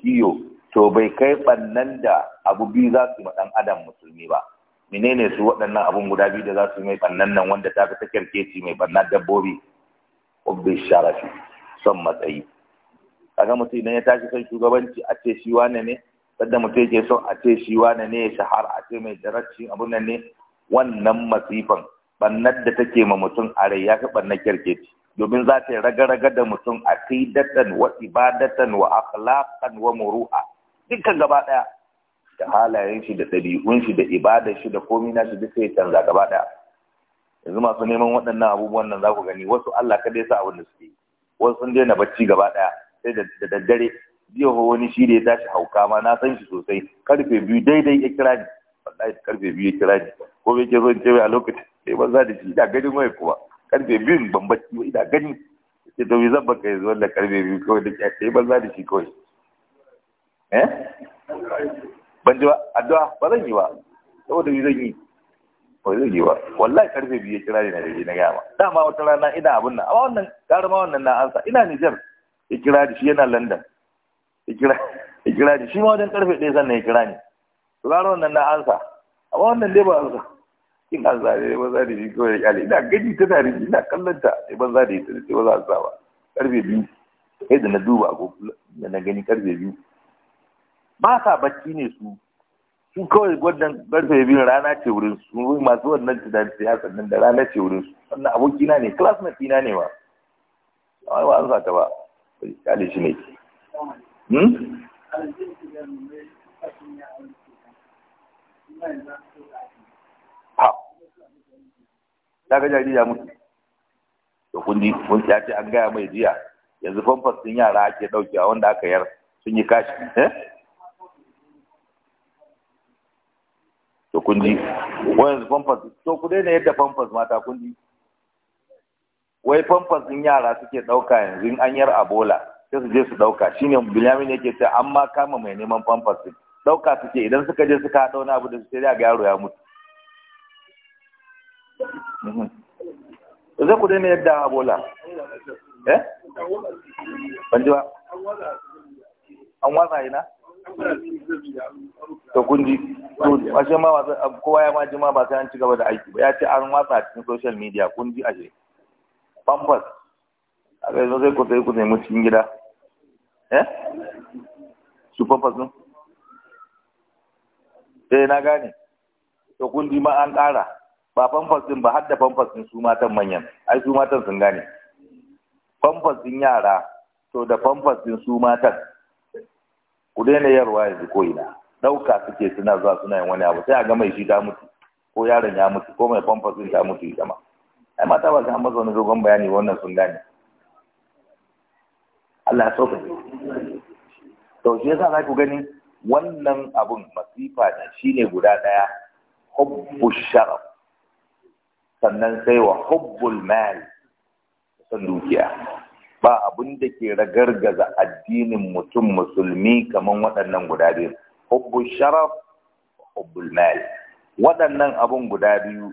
kiyo to bai kai bannan da abu biyu za su ma dan adam musulmi ba menene su waɗannan abun guda biyu da za su mai bannan nan wanda ta fi ta kyarkeci mai bannan dabbobi ubbi sharafi son matsayi kaga mutum idan ya tashi son shugabanci a ce shi wane ne sadda mutum yake son a ce shi wane ne ya shahara a ce mai daracci abun nan ne wannan masifan Bannan da take ma mutum a rai ya fi bannar kyarkeci domin za ta yi raga-raga da mutum a datan wa ibadatan wa akhlaqan wa muru'a dukkan gaba ɗaya da halayen shi da ɗabi'un shi da ibadar shi da komi na shi duk sai canza gaba ɗaya yanzu masu neman waɗannan abubuwan nan za ku gani wasu Allah ka dai sa abin da suke wasu sun daina bacci gaba ɗaya sai da daddare jiya wani shi da ya tashi hauka ma na san shi sosai karfe biyu daidai ya kira ni wallahi karfe biyu ya kira ni ko me ke zo ce a lokacin sai ban za da shi ina ganin mai kuma karfe biyu ban bacci ba ina gani sai to zan baka yanzu wanda karfe biyu kawai da ke ban za da shi kawai eh ban ji ba addu'a ba zan yi ba saboda yi zan yi ba zan yi ba wallahi karfe biyu kira ni na dare na gama dama wata rana ina abin nan amma wannan gara ma wannan na ansa ina Niger ya kira shi yana London ya kira ya kira shi ma wajen karfe ɗaya sannan ya kira ni to gara wannan na ansa amma wannan dai ba ansa in an zare ba za da shi kawai ya kyale ina gani ta tare ina kallon ta sai ban za da ta sai ba za a sa ba karfe biyu sai da na duba ko na gani karfe biyu ba sa bacci ne su su kawai gwadon karfe biyu rana ce wurin su masu wannan tunan siyasa nan da rana ce wurin su wannan abokina ne classmate ɗina ne ba A ba an sa ta ba kale shi ne hmm? ha ta ga jariri ya mutu to kun kun ya ce an gaya mai jiya yanzu famfas sun yara ake a wanda aka yar sun yi kashi eh to kun ji yanzu famfas to ku daina yadda famfas mata kun ji wai famfas din yara suke ɗauka yanzu in an yar abola sai su je su ɗauka shine bilamin yake ce an ma kama mai neman famfas din ɗauka suke idan suka je suka haɗa wani abu da su sai ga yaro ya mutu zai mhm. ku daina yadda abola eh ban ji ba an watsa ina to kunji to ashe ma ba kowa ya ma jima ba sai an ci gaba da aiki ba ya ce an watsa a cikin social media kun ashe pampas a ga yanzu zai ku sai ku nemi cikin gida eh su pampas ne eh, sai na gane to kunji ma an ƙara ba pampas din ba har da pampas din su matan manyan ai su matan sun gane pampas din yara to da pampas din su matan ku daina yarwa yanzu ko ina ɗauka suke suna zuwa suna yin wani abu sai a ga mai shi ta mutu ko yaron ya mutu ko mai famfa sun ta mutu ita ma ai mata ba su an wani dogon bayani wannan sun gane Allah ya sauka to shi yasa za ku gani wannan abun masifa ne shine guda ɗaya hubbu sharaf sannan sai wa hubbul mal san dukiya ba abin da ke ragar gaza addinin mutum musulmi kamar waɗannan guda biyu hubbul sharaf hubbul mal waɗannan abun guda biyu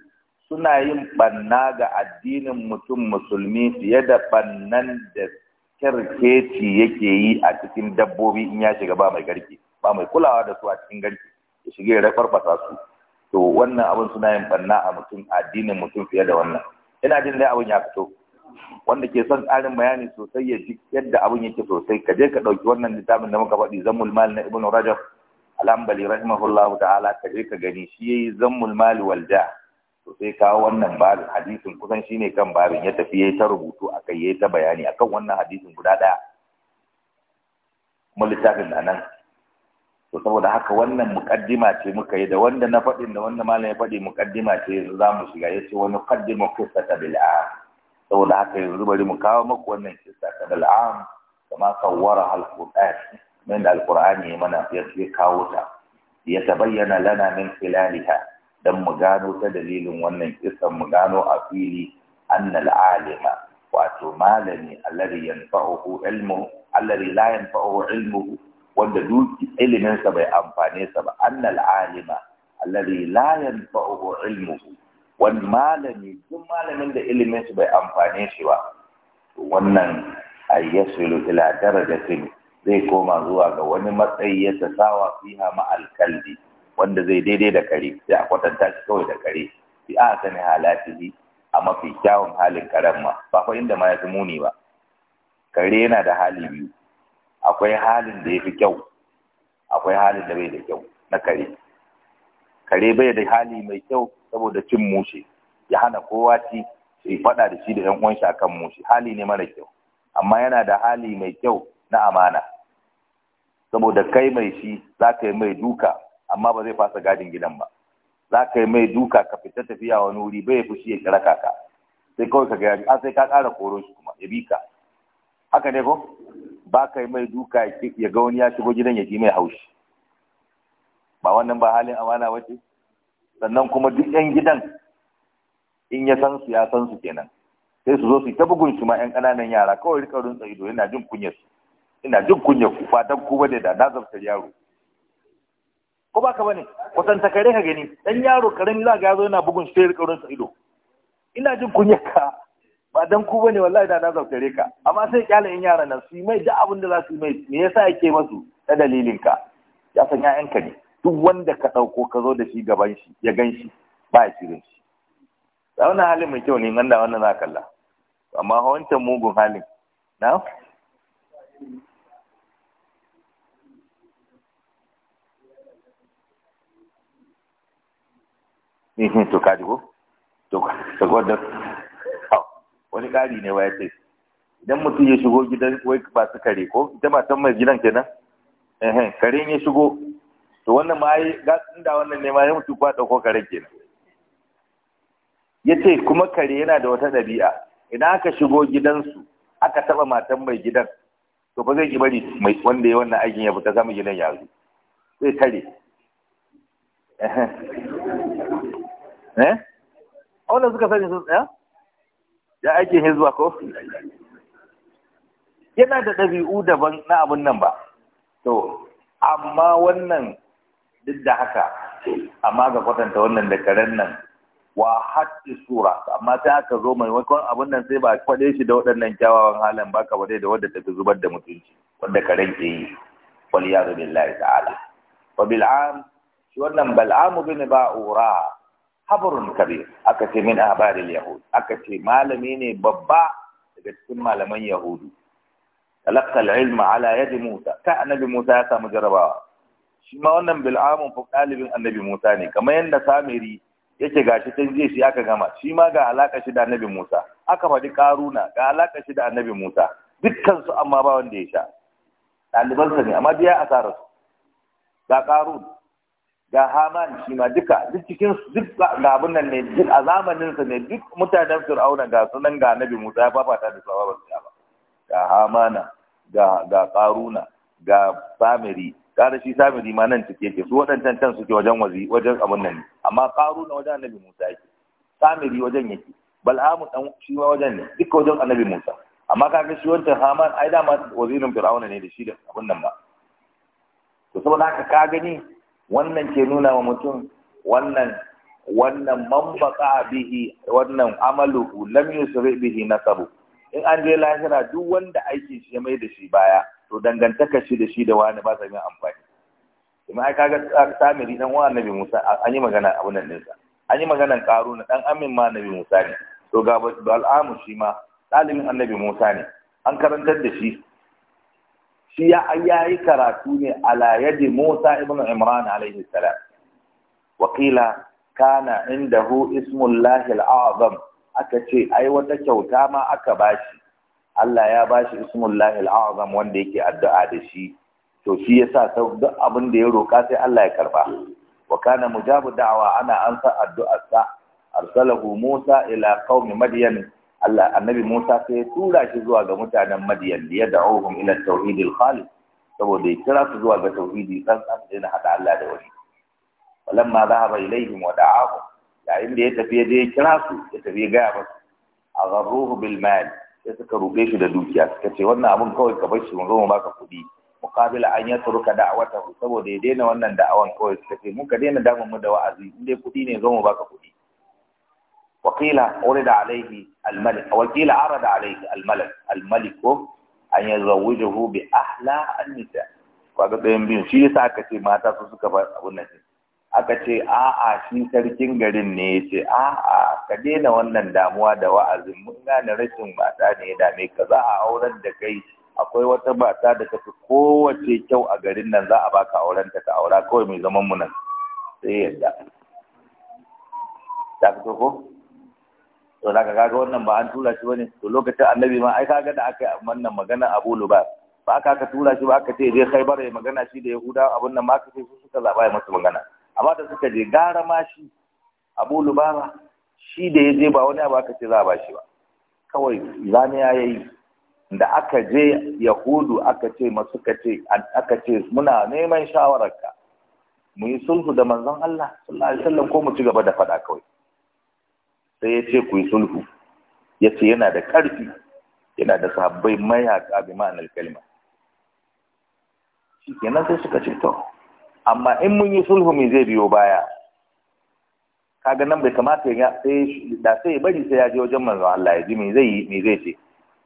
suna yin ɓanna ga addinin mutum musulmi fiye da ɓannan da kirkeci yake yi a cikin dabbobi in ya shiga ba mai garki ba mai kulawa da su a cikin garki ya shiga ya rafarfasa su to wannan abin suna yin ɓanna a mutum addinin mutum fiye da wannan ina jin dai abin ya fito wanda ke son ƙarin bayani sosai ya ji yadda abin yake sosai ka je ka ɗauki wannan littafin da muka faɗi zammul mali na ibnu rajab alhambali rahimahullahu ta'ala ka je ka gani shi yayi zammul mali wal ja to sai kawo wannan babin hadisin kusan shine kan babin ya tafi yayi ta rubutu akai yayi ta bayani akan wannan hadisin guda ɗaya kuma littafin da nan to saboda haka wannan muqaddima ce muka yi da wanda na faɗin da wanda malam ya faɗi muqaddima ce za mu shiga yace wani qaddimu qissata ta a saboda haka yanzu bari mu kawo maku wannan kisa ta dal'am kama ma al-qur'an min al-qur'ani ya mana ya kawo ta ya tabayyana lana min filaliha dan mu gano ta dalilin wannan kisan mu gano a fili annal alima wato malami alladhi yanfa'uhu ilmu alladhi la yanfa'uhu ilmuhu wanda duki ilimin sa bai amfane sa ba annal alima alladhi la yanfa'uhu ilmuhu wani malami duk malamin da ilimin su bai amfane shi ba wannan ayyasilu ila darajatin zai koma zuwa ga wani matsayi ya tasawa fiha ma alkalbi wanda zai daidai da kare sai a kwatanta shi kawai da kare fi a sani halatihi a mafi kyawun halin karen ma ba fa inda ma ya fi muni ba kare yana da hali biyu akwai halin da ya fi kyau akwai halin da bai da kyau na kare kare bai da hali mai kyau saboda cin mushe ya hana kowa ci sai faɗa da shi da ƴan uwan shi akan mushe hali ne mara kyau amma yana da hali mai kyau na amana saboda kai mai shi za ka yi mai duka amma ba zai fasa gadin gidan ba za ka yi mai duka ka fita tafiya wani wuri bai fushi ya kira kaka sai kawai ka ga a sai ka ƙara koron shi kuma ya bi ka haka ne ko ba ka yi mai duka ya ga wani ya shigo gidan ya ji mai haushi ba wannan ba halin amana wace sannan kuma duk yan gidan in ya san su ya san su kenan sai su zo su ta bugun shi ma yan ƙananan yara kawai rika rinsa ido yana jin kunyar su ina jin kunyar ku ba dan ku da na zartar yaro ko baka bane ta kare ka gani dan yaro karami za ga yazo yana bugun shi sai rika rinsa ido ina jin kunyar ka ba dan ku bane wallahi da na zautare ka amma sai kyale in yara nan su yi mai da abin da za su yi mai me yasa yake masu da dalilin ka ya san 'ya'yanka ne duk wanda ka ɗauko ka zo da shi gaban shi ya gan shi ba ya shirin shi da wani halin mai kyau ne nan da wannan za kalla amma wancan mugun halin na Nihin to kaji ko? To gwada wani ƙari ne waya ce, idan mutum ya shigo gidan wai ba su kare ko, ita matan mai gidan kenan? Ehe, kare ne shigo to wannan ma yi gasin da wannan ne ma ya mutu kwa ɗauko kare kenan ya ce kuma kare yana da wata ɗabi'a idan aka shigo gidansu aka taɓa matan mai gidan to ba zai ki bari mai wanda ya wannan aikin ya fita samun gidan yanzu zai kare. eh wannan suka sani sun tsaya ya aikin zuwa ko yana da ɗabi'u daban na abin nan ba to amma wannan duk da haka amma ga kwatanta wannan da karen nan wa hatti sura amma sai aka zo mai wakon abin nan sai ba kwade shi da waɗannan kyawawan halin baka ba dai da wadda tafi zubar da mutunci Wanda karen ke yi wal yazu billahi ta'ala wa bil'am shi wannan bal'am bin ba'ura habrun kabir aka ce min ahbaril yahud aka ce malami ne babba daga cikin malaman yahudu talaqqa al-ilma ala yadi musa ka annabi musa ya samu jarabawa shi ma wannan bil'amun fa ɗalibin annabi Musa ne kamar yadda Samiri yake gashi tun jiya shi aka gama shi ma ga alaƙa shi da annabi Musa aka faɗi ƙaruna ga alaƙa shi da annabi Musa dukkan su amma ba wanda ya sha ɗalibansa ne amma biya asara su ga ƙarun, ga Haman shi ma duka duk cikin duk ga abin nan ne duk a zamanin sa ne duk mutanen Fir'auna ga sunan ga annabi Musa ya fafata da sawa ba ga Hamana ga ga ƙaruna ga Samiri kada shi sami ma nan cike ke su waɗancan can suke wajen wazi wajen abin nan amma ƙaru na wajen annabi musa yake samiri wajen yake bal'amu dan shi ma wajen ne duk wajen annabi musa amma kaga shi wancan haman ai dama wazirin fir'auna ne da shi da abin nan ba to saboda haka ka gani wannan ke nuna wa mutum wannan wannan mambaka bihi wannan amaluhu lam yusri bihi nasabu in an je lahira duk wanda aikin shi ya mai da shi baya to dangantaka shi da shi da wani ba zai amfani kuma ai kaga samiri dan wa annabi Musa an yi magana abun nan sa an yi maganan na dan amin ma annabi Musa ne to ga al'amu shi ma dalibin annabi Musa ne an karantar da shi shi ya ayyayi karatu ne ala yadi Musa ibn Imran alaihi salam wa qila kana indahu ismullahi al'azam aka ce ai wata kyauta ma aka bashi Allah ya bashi ismullahi al'azam wanda yake addu'a da shi to shi yasa duk abin da ya roƙa sai Allah ya karba wa kana mujabu da'awa ana ansa addu'arsa arsalahu Musa ila qaumi Madyan Allah annabi Musa sai ya tura shi zuwa ga mutanen Madyan ya da'uhum ila tauhid al-khalis saboda ya kira su zuwa ga tauhidi dan san da Allah da wani walamma dhahaba ilaihim wa da'ahum yayin da ya tafi ya je kira su ya tafi gaya ba agharuhu bil mal sai suka ruɗe shi da dukiya suka ce wannan abun kawai ka bar shi mu zo mu baka kuɗi muqabila an yatruka da'awata saboda ya daina wannan da'awan kawai suka ce mun ka daina damun mu da wa'azi in dai kuɗi ne zo mu baka kuɗi alaihi أرد عليه ko? وقيل عرض عليه الملك الملك أن يزوجه annisa. ko kaga ɗayan biyun shi yasa aka ce mata su suka ba abun nan aka ce a'a shi sarkin garin ne ya ce a'a ka daina wannan damuwa da wa'azin mun gane rashin mata ne ya dame ka za a auren da kai akwai wata mata da ta fi kowace kyau a garin nan za a baka auren ta ka aura kawai mai zaman mu nan sai yadda ta fito ko to da kaga wannan ba an tura shi bane to lokacin annabi ma ai kaga da aka yi wannan magana Abu Lubab ba aka aka tura shi ba aka ce zai kai ya magana shi da Yahuda abun nan ma aka ce su suka zaba ya masa magana amma da suka je gara ma shi Abu Lubaba shi da ya je ba wani abu aka ce za a ba shi ba kawai zane ya yi da aka je yahudu aka ce masu ce aka ce muna neman shawararka mu yi sulhu da manzon Allah sallallahu alaihi wasallam ko mu ci gaba da faɗa kawai sai ya ce ku yi sulhu ya ce yana da ƙarfi yana da sahabbai mayaka bi ma'anar kalma shi kenan sai suka ce to amma in mun yi sulhu me zai biyo baya kaga nan bai kamata ya sai da sai ya bari sai ya je wajen manzon Allah ya ji me zai me zai ce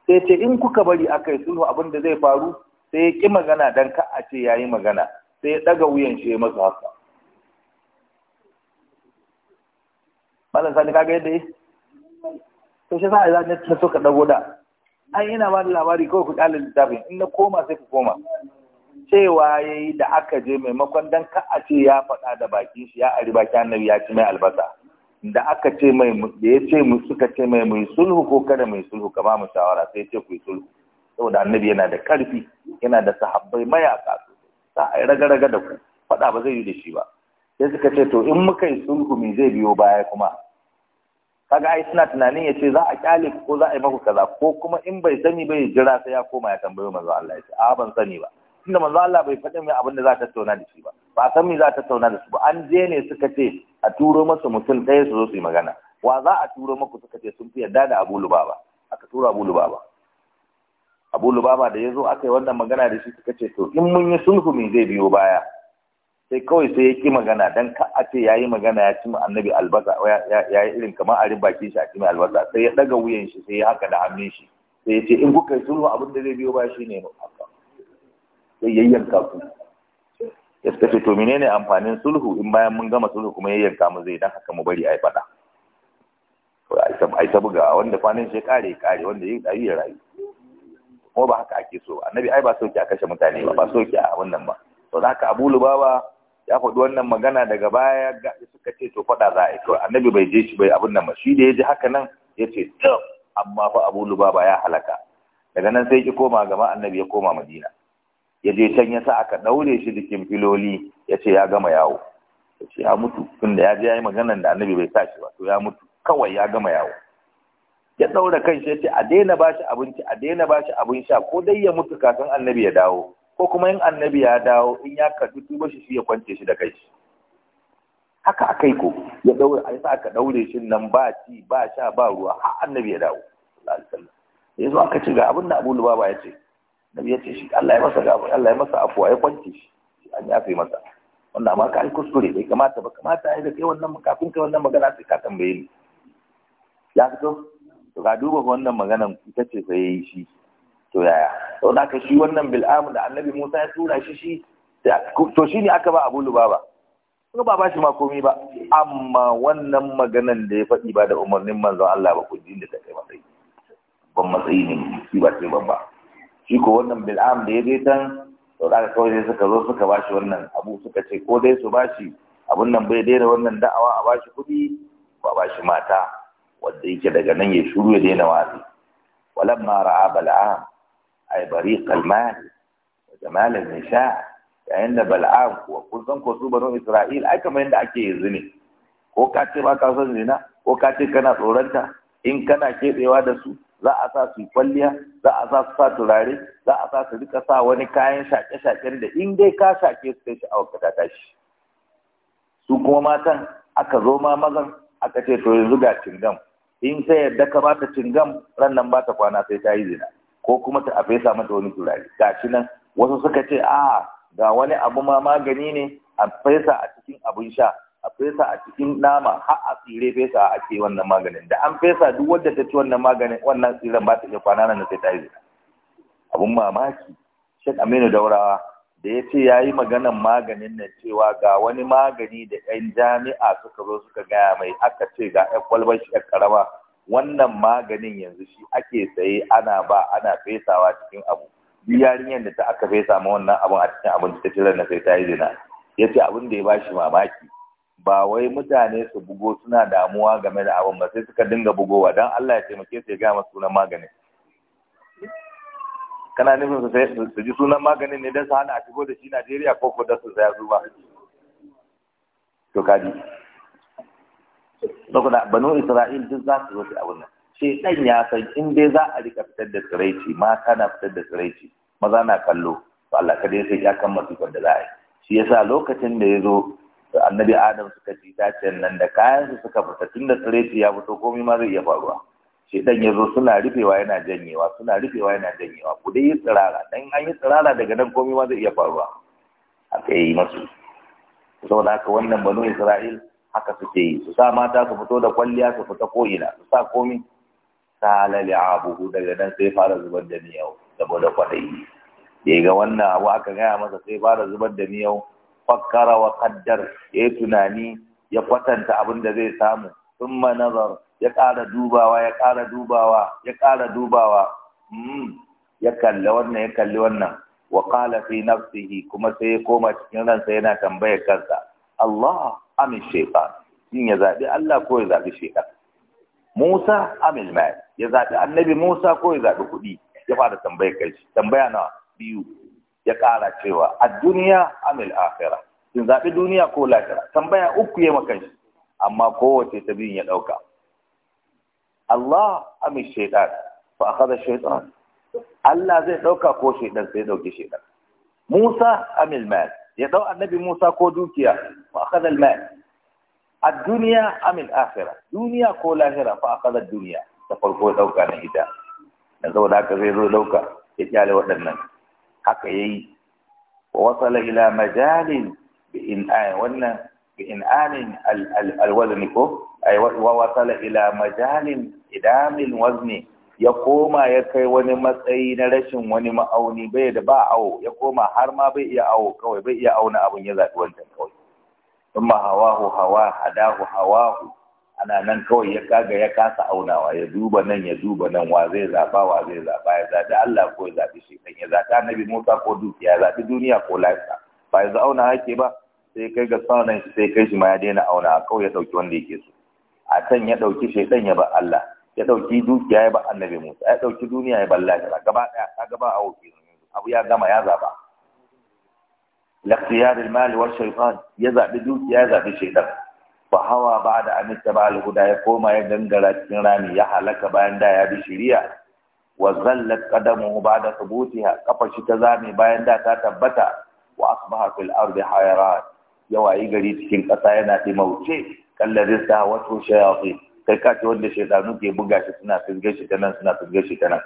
sai ce in kuka bari akai sulhu abin da zai faru sai ya ki magana dan ka a ce yayi magana sai ya daga wuyan shi masa haka malan sani kaga yadda yi to shi sa'a zan ta so ka dago da ai ina ba da labari kawai ku kalin littafin in na koma sai ku koma cewa ya yi da aka je maimakon don ka a ce ya faɗa da bakin shi ya ari baki annabi ya ci mai albasa da aka ce mai da ya ce mu suka ce mai mu sulhu ko kada mu sulhu ka ba mu shawara sai ce ku yi sulhu saboda annabi yana da karfi yana da sahabbai mayaka sa a raga da ku faɗa ba zai yi da shi ba sai suka ce to in muka yi sulhu me zai biyo baya kuma kaga ai suna tunanin ya ce za a kyale ko za a yi maku kaza ko kuma in bai sani ya jira sai ya koma ya tambayo manzo Allah ya ce a ban sani ba tunda manzo Allah bai faɗi mai abin da za ta tattauna da shi ba ba san me za ta tattauna da su ba an je ne suka ce a turo masa mutum ɗaya su zo su yi magana wa za a turo maku suka ce sun fi yarda da Abu Lubaba aka tura Abu Lubaba Abu Lubaba da ya zo aka wannan magana da shi suka ce to in mun yi sulhu me zai biyo baya sai kawai sai ya ki magana dan ka a ce yayi magana ya ci annabi albasa ya yi irin kamar a bakin shi a ci albasa sai ya daga wuyan shi sai ya haka da hannun shi sai ya ce in kuka yi sulhu abin da zai biyo ba shi ne sai yayyanka ku ya suka ce to menene amfanin sulhu in bayan mun gama sulhu kuma yayyanka mu zai dan haka mu bari ai fada ai ta buga wanda kwanin shi kare kare wanda yayi dai ya rayu Ko ba haka ake so annabi ai ba ki a kashe mutane ba ba ki a wannan ba to da haka Abu Lubaba ya faɗi wannan magana daga baya ga suka ce to faɗa za a yi to annabi bai je shi bai abin nan ba shi da ya ji haka nan ya ce amma fa Abu Lubaba ya halaka daga nan sai ki koma gama annabi ya koma Madina ya je can ya sa aka daure shi jikin filoli ya ce ya gama yawo ya ce ya mutu tunda ya je ya yi maganan da annabi bai sa shi ba to ya mutu kawai ya gama yawo ya daura kan shi ya ce a daina ba shi abinci a daina ba shi abin sha ko dai ya mutu kafin annabi ya dawo ko kuma in annabi ya dawo in ya karbi tuba shi shi ya kwance shi da kai shi haka aka yi ko ya daure a yasa aka daure shi nan ba ci ba sha ba ruwa har annabi ya dawo sallallahu alaihi yanzu aka ci ga abin da Abu Lubaba ya ce nabi ya ce shi Allah ya masa gaba Allah ya masa afuwa ya kwance shi an ya kai masa wanda amma ka yi kuskure bai kamata ba kamata ai da kai wannan kafin kai wannan magana sai ka tambaye ni ya fito to ka duba wannan maganan ita ce sai yayi shi to yaya to da ka shi wannan bil'amu da annabi Musa ya tura shi shi to ne aka ba Abu Lubaba kuma ba ba shi ma komai ba amma wannan maganan da ya faɗi ba da umarnin manzon Allah ba ku ji da ta kai matsayi ban matsayi ne shi ba sai ba. shi ko wannan bil'am da ya je can to da kawai ne suka zo suka bashi wannan abu suka ce ko dai su bashi abun nan bai daina wannan da'awa a bashi kuɗi ko a bashi mata wanda yake daga nan ya shuru ya daina wazi walamma ra'a bal'am ay bariq al-mal wa jamal al-nisa yayin da bal'am ko kun san ko su banu isra'il ai kamar yadda ake yanzu ne ko ka ce ba ka son zina ko ka ce kana tsoranta in kana keɓewa da su za a sa su kwalliya za a sa su sa turare za a sa su rika sa wani kayan shaƙe-shaƙen da in dai ka shaƙe su kai sha'awar ka ta tashi su kuma matan aka zo ma mazan aka ce to yanzu ga cingam in sai yadda ka bata cingam ran nan bata kwana sai ta yi zina ko kuma ta afesa mata wani turare Ga shi nan wasu suka ce a ga wani abu ma magani ne a fesa a cikin abin sha a fesa a cikin nama har a tsire fesa ake wannan maganin da an fesa duk wadda ta ci wannan maganin wannan tsiren ba ta iya kwana nan sai ta yi abun mamaki shek aminu daurawa da ya ce ya yi maganan maganin nan cewa ga wani magani da 'yan jami'a suka zo suka gaya mai aka ce ga 'yan kwalbar shi karama wannan maganin yanzu shi ake saye ana ba ana fesawa cikin abu duk yarinyar da ta aka fesa ma wannan abun a cikin abinci ta cire na sai ta yi zina ya ce abin da ya ba shi mamaki ba wai mutane su bugo suna damuwa game da abin ba sai suka dinga bugowa don Allah ya taimake su ya gaya masu sunan magani. kana nufin su sai su ji sunan magani ne don su hana a shigo da shi Najeriya ko ko da su saya zuba to kaji saboda banu Isra'il duk za su zo su abin nan sai ɗan ya san in dai za a rika fitar da tsiraici mata na fitar da tsiraici maza na kallo to Allah kada ya sai ya kan masifar da za a yi shi yasa lokacin da ya zo da annabi adam suka ci itacen nan da kayan su suka fita tun da tsireci ya fito komai ma zai iya faruwa Shi ya zo suna rufewa yana janyewa suna rufewa yana janyewa ku dai yi tsirara dan an yi tsirara daga nan komai ma zai iya faruwa haka yi masu saboda haka wannan banu isra'il haka suke yi su sa mata su fito da kwalliya su fita ko ina su sa komai sala li'abuhu daga nan sai fara zubar da miyau saboda kwadayi ya ga wannan abu aka gaya masa sai fara zubar da miyau fakkara wa ya yi tunani ya kwatanta abin da zai samu thumma nazar ya ƙara dubawa ya ƙara dubawa ya ƙara dubawa hmm, ya kalli wannan ya kalli wannan wa qala fi nafsihi kuma sai ya koma cikin ransa yana tambayar kansa Allah amin shaytan shin ya zaɓi Allah ko ya zaɓi shaytan Musa amin mai ya zaɓi annabi Musa ko ya zaɓi kuɗi ya fara tambayar kai tambaya na biyu ya ƙara cewa a duniya amil akhira in zaɓi duniya ko lahira tambaya uku ya maka shi amma kowace ta biyun ya ɗauka Allah amil shaitan fa akhadha shaitan Allah zai ɗauka ko shaitan sai ɗauki shaitan Musa amil mal ya ɗau annabi Musa ko dukiya fa akhadha al mal a duniya amil akhira duniya ko lahira fa akhadha duniya ta farko ya ɗauka na ita dan saboda haka zai zo ɗauka ya kyale waɗannan haka ya yi. wasala ila majalin bi in ay wannan bi in ko ay wa wasala ila majalin idamil wazni ya koma ya kai wani matsayi na rashin wani ma'auni bai da ba awo ya koma har ma bai iya awo kawai bai iya auna abin ya zaɓi wancan kawai sun ma hawahu hawa hadahu hawahu ana nan kawai ya kaga ya kasa aunawa ya duba nan ya duba nan wa zai zaba wa zai zaba ya zaɓi Allah ko ya zaɓi shi ya zaɓi annabi Musa ko dukiya ya zaɓi duniya ko lafiya ba ya auna ake ba sai kai ga sauran shi sai kai shi ma ya daina auna kawai ya ɗauki wanda yake so a can ya ɗauki shaidan ya ba Allah ya ɗauki dukiya ya ba annabi Musa ya ɗauki duniya ya ba lafiya gaba ɗaya ka gaba a wuce abu ya gama ya zaɓa لاختيار ya zaɓi dukiya ya zaɓi shaiɗan. fa ba da amitta ba alhuda ya koma ya gangara cikin rami ya halaka bayan da ya bi shiriya wa zallat qadamuhu ba'da thubutiha kafa shi ta zame bayan da ta tabbata wa asbaha fil ardi hayran ya wayi gari cikin ƙasa yana dimauce kallar rizqa wa tu shayatin kai ka ce wanda shaytanu ke buga shi suna fisge shi ta nan suna fisge shi ta nan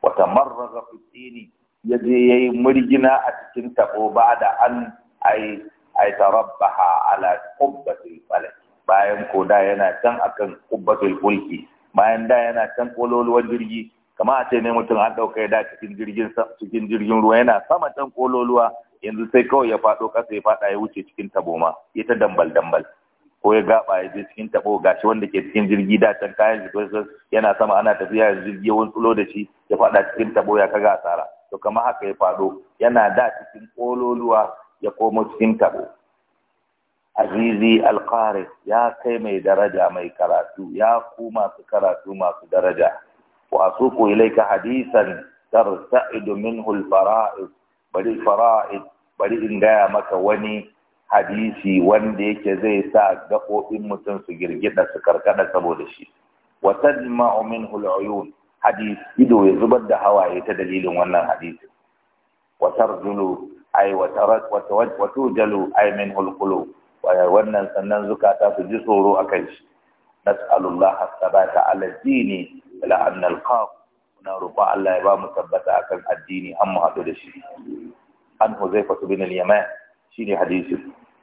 wa tamarraza fi tini ya je yayi murgina a cikin tabo ba'da an ai ay tarabbaha ala qubbatil falak bayan ko da yana can akan qubbatul fulki bayan da yana can kololuwar jirgi kama a ce ne mutum an ɗauka da cikin jirgin cikin jirgin ruwa yana sama can kololuwa yanzu sai kawai ya faɗo kasa ya faɗa ya wuce cikin tabo ma ya ta dambal dambal ko ya gaba ya je cikin tabo gashi wanda ke cikin jirgi da can kayan shi yana sama ana tafiya yanzu jirgi wani tsulo da shi ya fada cikin tabo ya kaga asara to kama haka ya fado yana da cikin kololuwa ya komo cikin tabo azizi alƙari ya kai mai daraja mai karatu ya ku masu karatu masu daraja wasu ku ilaika hadisan tarsa'idu minhu alfara'id bari fara'id bari in gaya maka wani hadisi wanda yake zai sa gaɓoɓin mutum su girgida su karkada saboda shi wa tadma'u minhu hadisi ido ya zubar da hawaye ta dalilin wannan hadisi wa Zulu. ai wato jalu ai min hulkulu wannan sannan zukata su ji tsoro a kan shi nas'alullah sabata ala dini ila an nalqaq na roƙon Allah ya ba mu tabbata akan addini an mu hadu da shi an huzaifa bin al-yaman shine hadisi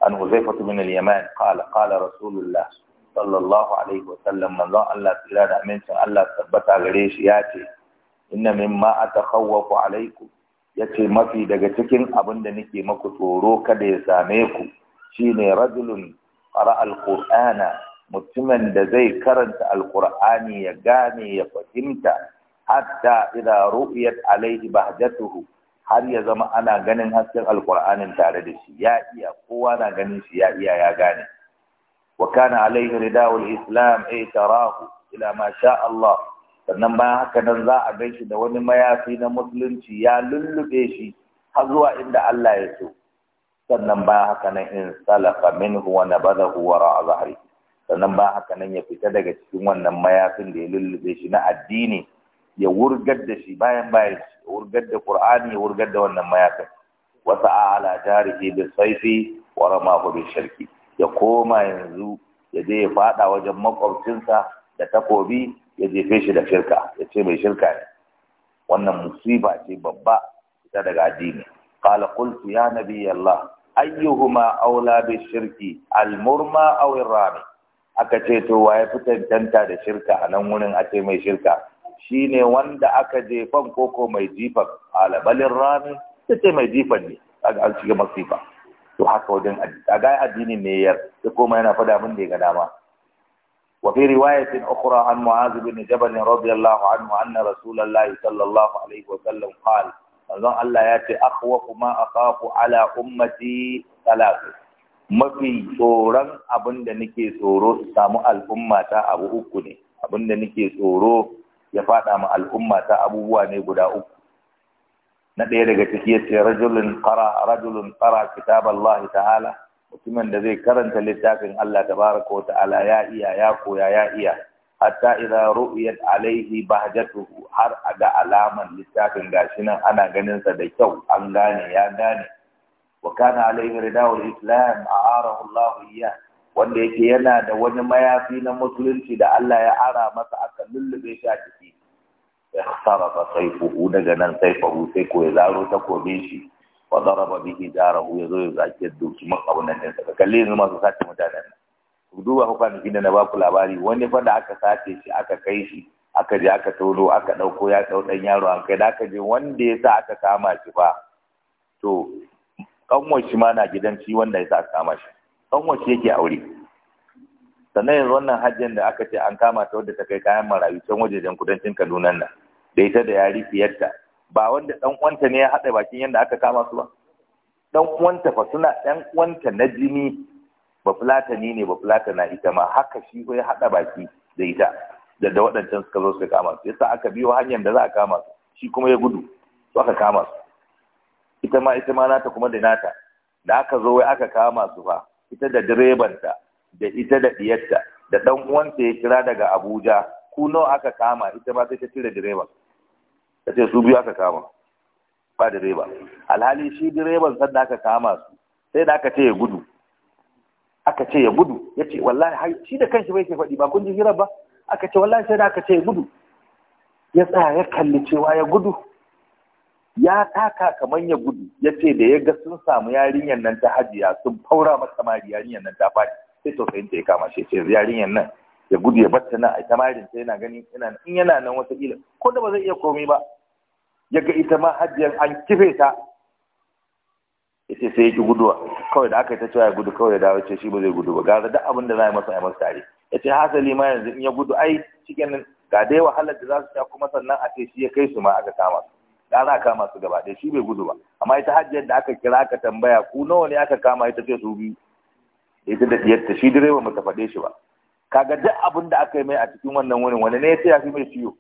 an huzaifa bin al-yaman qala qala rasulullah sallallahu alaihi wa sallam manzon Allah tsira da amincin Allah tabbata gare shi ya ce inna mimma atakhawwafu alaikum ya ce mafi daga cikin abin da nake maku tsoro kada ya same ku shine rajulun fara alkur'ana mutumin da zai karanta alkur'ani ya gane ya fahimta hatta idza ru'iyat alaihi bahjatuhu har ya zama ana ganin hasken alqur'anin tare da shi ya iya kowa na ganin shi ya iya ya gane wa kana alayhi rida'ul islam ay tarahu ila ma Allah sannan bayan haka nan za a gan shi da wani mayafi na musulunci ya lullube shi har zuwa inda Allah ya so sannan bayan haka nan in salafa minhu wa nabadahu wara zahri sannan bayan haka nan ya fita daga cikin wannan mayafin da ya lullube shi na addini ya wurgar da shi bayan bayan ya wurgar da Qur'ani ya wurgar da wannan mayafin wa sa'ala jarihi bi sayfi wa ramahu bi sharqi ya koma yanzu ya je ya fada wajen makwabcinsa da takobi ya jefe shi da shirka ya ce mai shirka ne wannan musiba ce babba ita daga addini qala qultu ya nabiy allah ayyuhuma aula bi shirki al murma aw rami aka ce to waye tanta da shirka a nan wurin a ce mai shirka shine wanda aka jefan koko mai jifan alabalin rami ta ce mai jifan ne an shiga masifa to haka wajen addini ga addini ne yar ta koma yana fada min da ya ga dama وفي رواية أخرى عن معاذ بن جبل رضي الله عنه أن رسول الله صلى الله عليه وسلم قال أن الله يأتي أخوف ما أخاف على أمتي ثلاثة مفي سورا أبن دنكي سورو سامو الأمة أبو أكني أبن دنكي سورو يفاد أم الأمة أبو واني بدا أكني نديرك تكيس رجل قرأ رجل قرأ كتاب الله تعالى mutumin da zai karanta littafin Allah tabaraka wa ta'ala ya iya ya koya ya iya hatta idza ru'yat alaihi bahjatuhu har aga alaman littafin gashi nan ana ganin sa da kyau an gane ya gane wa kana alaihi ridawul islam a'arahu Allah iya wanda yake yana da wani mayafi na musulunci da Allah ya ara masa aka lullube shi a ciki ya sarrafa saifuhu daga nan saifuhu sai ko ya zaro takobin shi wa daraba bihi darahu yazo ya zaki doki man abun nan din ka kalle yanzu masu sace mutanen ku duba ku kwanaki da na ba ku labari wani fa da aka sace shi aka kai shi aka je aka tono aka dauko ya dau dan yaro an kai da aka je wanda ya sa aka kama shi ba to kanwar shi ma na gidan shi wanda ya sa aka kama shi kanwar shi yake aure sannan yanzu wannan hajjin da aka ce an kama ta wanda ta kai kayan marayu can wajejen kudancin kaduna nan da ita da yari fiyarta ba wanda dan uwanta ne ya haɗa bakin yadda aka kama su ba dan uwanta fa suna dan uwanta na jini ba fulatani ne ba fulatana ita ma haka shi ko ya haɗa baki da ita da da waɗancan suka zo suka kama su yasa aka biyo hanyar da za a kama su shi kuma ya gudu su aka kama su ita ma ita ma nata kuma da nata da aka zo wai aka kama su fa ita da direbanta da ita da diyarta da dan uwanta ya kira daga Abuja ku nawa aka kama ita ma sai ta cire direban da ce su biyu aka kama ba direba alhali shi direban sanda aka kama su sai da aka ce ya gudu aka ce ya gudu ya ce wallahi shi da kanshi bai ke faɗi ba kun ji hirar ba aka ce wallahi sai da aka ce ya gudu ya tsaya ya kalli cewa ya gudu ya taka kamar ya gudu ya ce da ya ga sun samu yarinyar nan ta hajiya sun faura masa mari yarinyar nan ta faɗi sai tausayin ta ya kama shi ce yarinyar nan ya gudu ya batta nan a ita marin ta yana gani yana in yana nan wata kila ko da ba zai iya komai ba ya ga ita ma hajjiyar an kife ta yace sai yake guduwa kawai da aka yi ta cewa ya gudu kawai ya dawo ce shi ba zai gudu ba ga duk abin da za a masa a masa tare yace hasali ma yanzu in ya gudu ai cikin ga dai wahalar da za su sha kuma sannan a ce shi ya kai su ma aka kama su ga za a kama su gaba ɗaya shi bai gudu ba amma ita hajjiyar da aka kira aka tambaya ku nawa ne aka kama ita ce su biyu ita da ɗiyarta shi direba mata faɗe shi ba kaga duk abin da aka yi mai a cikin wannan wurin wani ne ya ce ya fi mai ciwo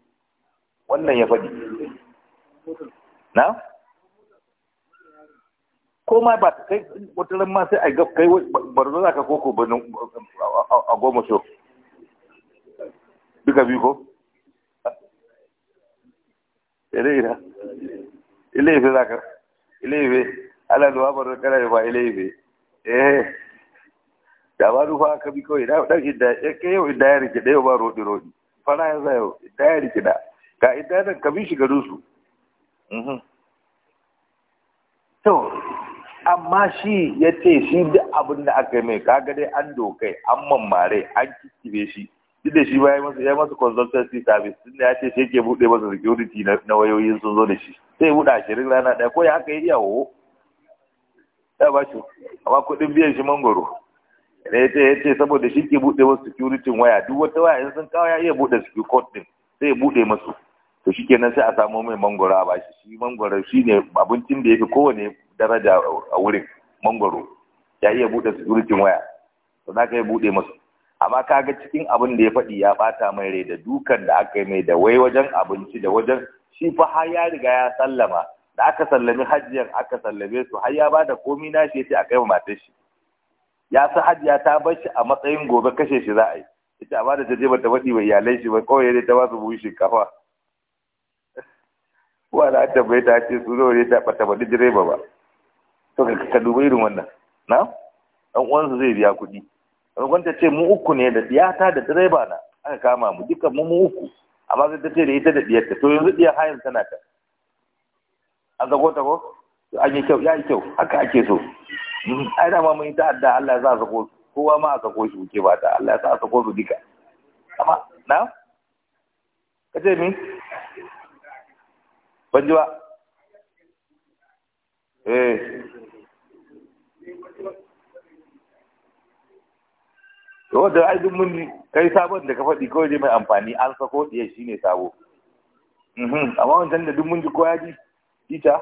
wannan ya faɗi na ko ma ba ta kai wata ran ma sai a ga kai barzo za ka koko birnin a goma so duka biyu ko ire ira ile ife za ka ile ife ala duwa barzo kana ba ile ife eh da ba rufa ka bi kawai da dan idda ya eh, kai yau idda ya rike da yau ba rodi roɗi fara ya za yau idan ya rike da ka idda nan ka bi shi garin su mhm. to amma shi ya ce shi duk abin da aka yi mai kaga dai an dokai an mammare an kikkire shi duk da shi ba ya masa ya masa consultancy service tun da ya ce shi ke buɗe masa security na wayoyin sun zo da shi sai buɗe ashirin rana ɗaya ko ya haka ya iya ya ba shi amma kuɗin biyan shi mangoro da ya ce saboda shi ke buɗe wasu security waya duk wata waya in sun kawo ya iya buɗe security court din sai ya buɗe masu to shi kenan sai a samu mai mangoro a bashi shi mangoro shi ne abincin da ya fi kowane daraja a wurin mangoro ya iya buɗe security waya to za ka buɗe masu amma kaga cikin abin da ya faɗi ya ɓata mai rai da dukan da aka yi mai da wai wajen abinci da wajen shi fa har ya riga ya sallama da aka sallami hajjiyar aka sallame su har ya bada komi na shi ya ce a kai matar shi ya sa hajiya ta bar shi a matsayin gobe kashe shi za a yi ita ba da ta je bata faɗi ba iyalai shi ba kawai ne ta ba su buhu shinkafa wa da ta bai ta ce su ne ta bata bada direba ba to ka duba irin wannan na dan uwansu zai biya kuɗi maimakon ta ce mu uku ne da diyata da direba na aka kama mu duka mu mu uku amma sai ta ce da ita da diyarta to yanzu diyar hayan tana ta an zago ta ko an yi kyau ya yi kyau haka ake so ai da ma mun yi ta'adda Allah ya sa sako su kowa ma a sako su ke ba ta Allah ya sa a sako su duka amma na ka ce mi ban ji ba eh to da ai duk mun kai sabon da ka faɗi kawai dai mai amfani an sako ɗiya shine sabo mhm. amma wancan da duk mun ji ko ya ji ita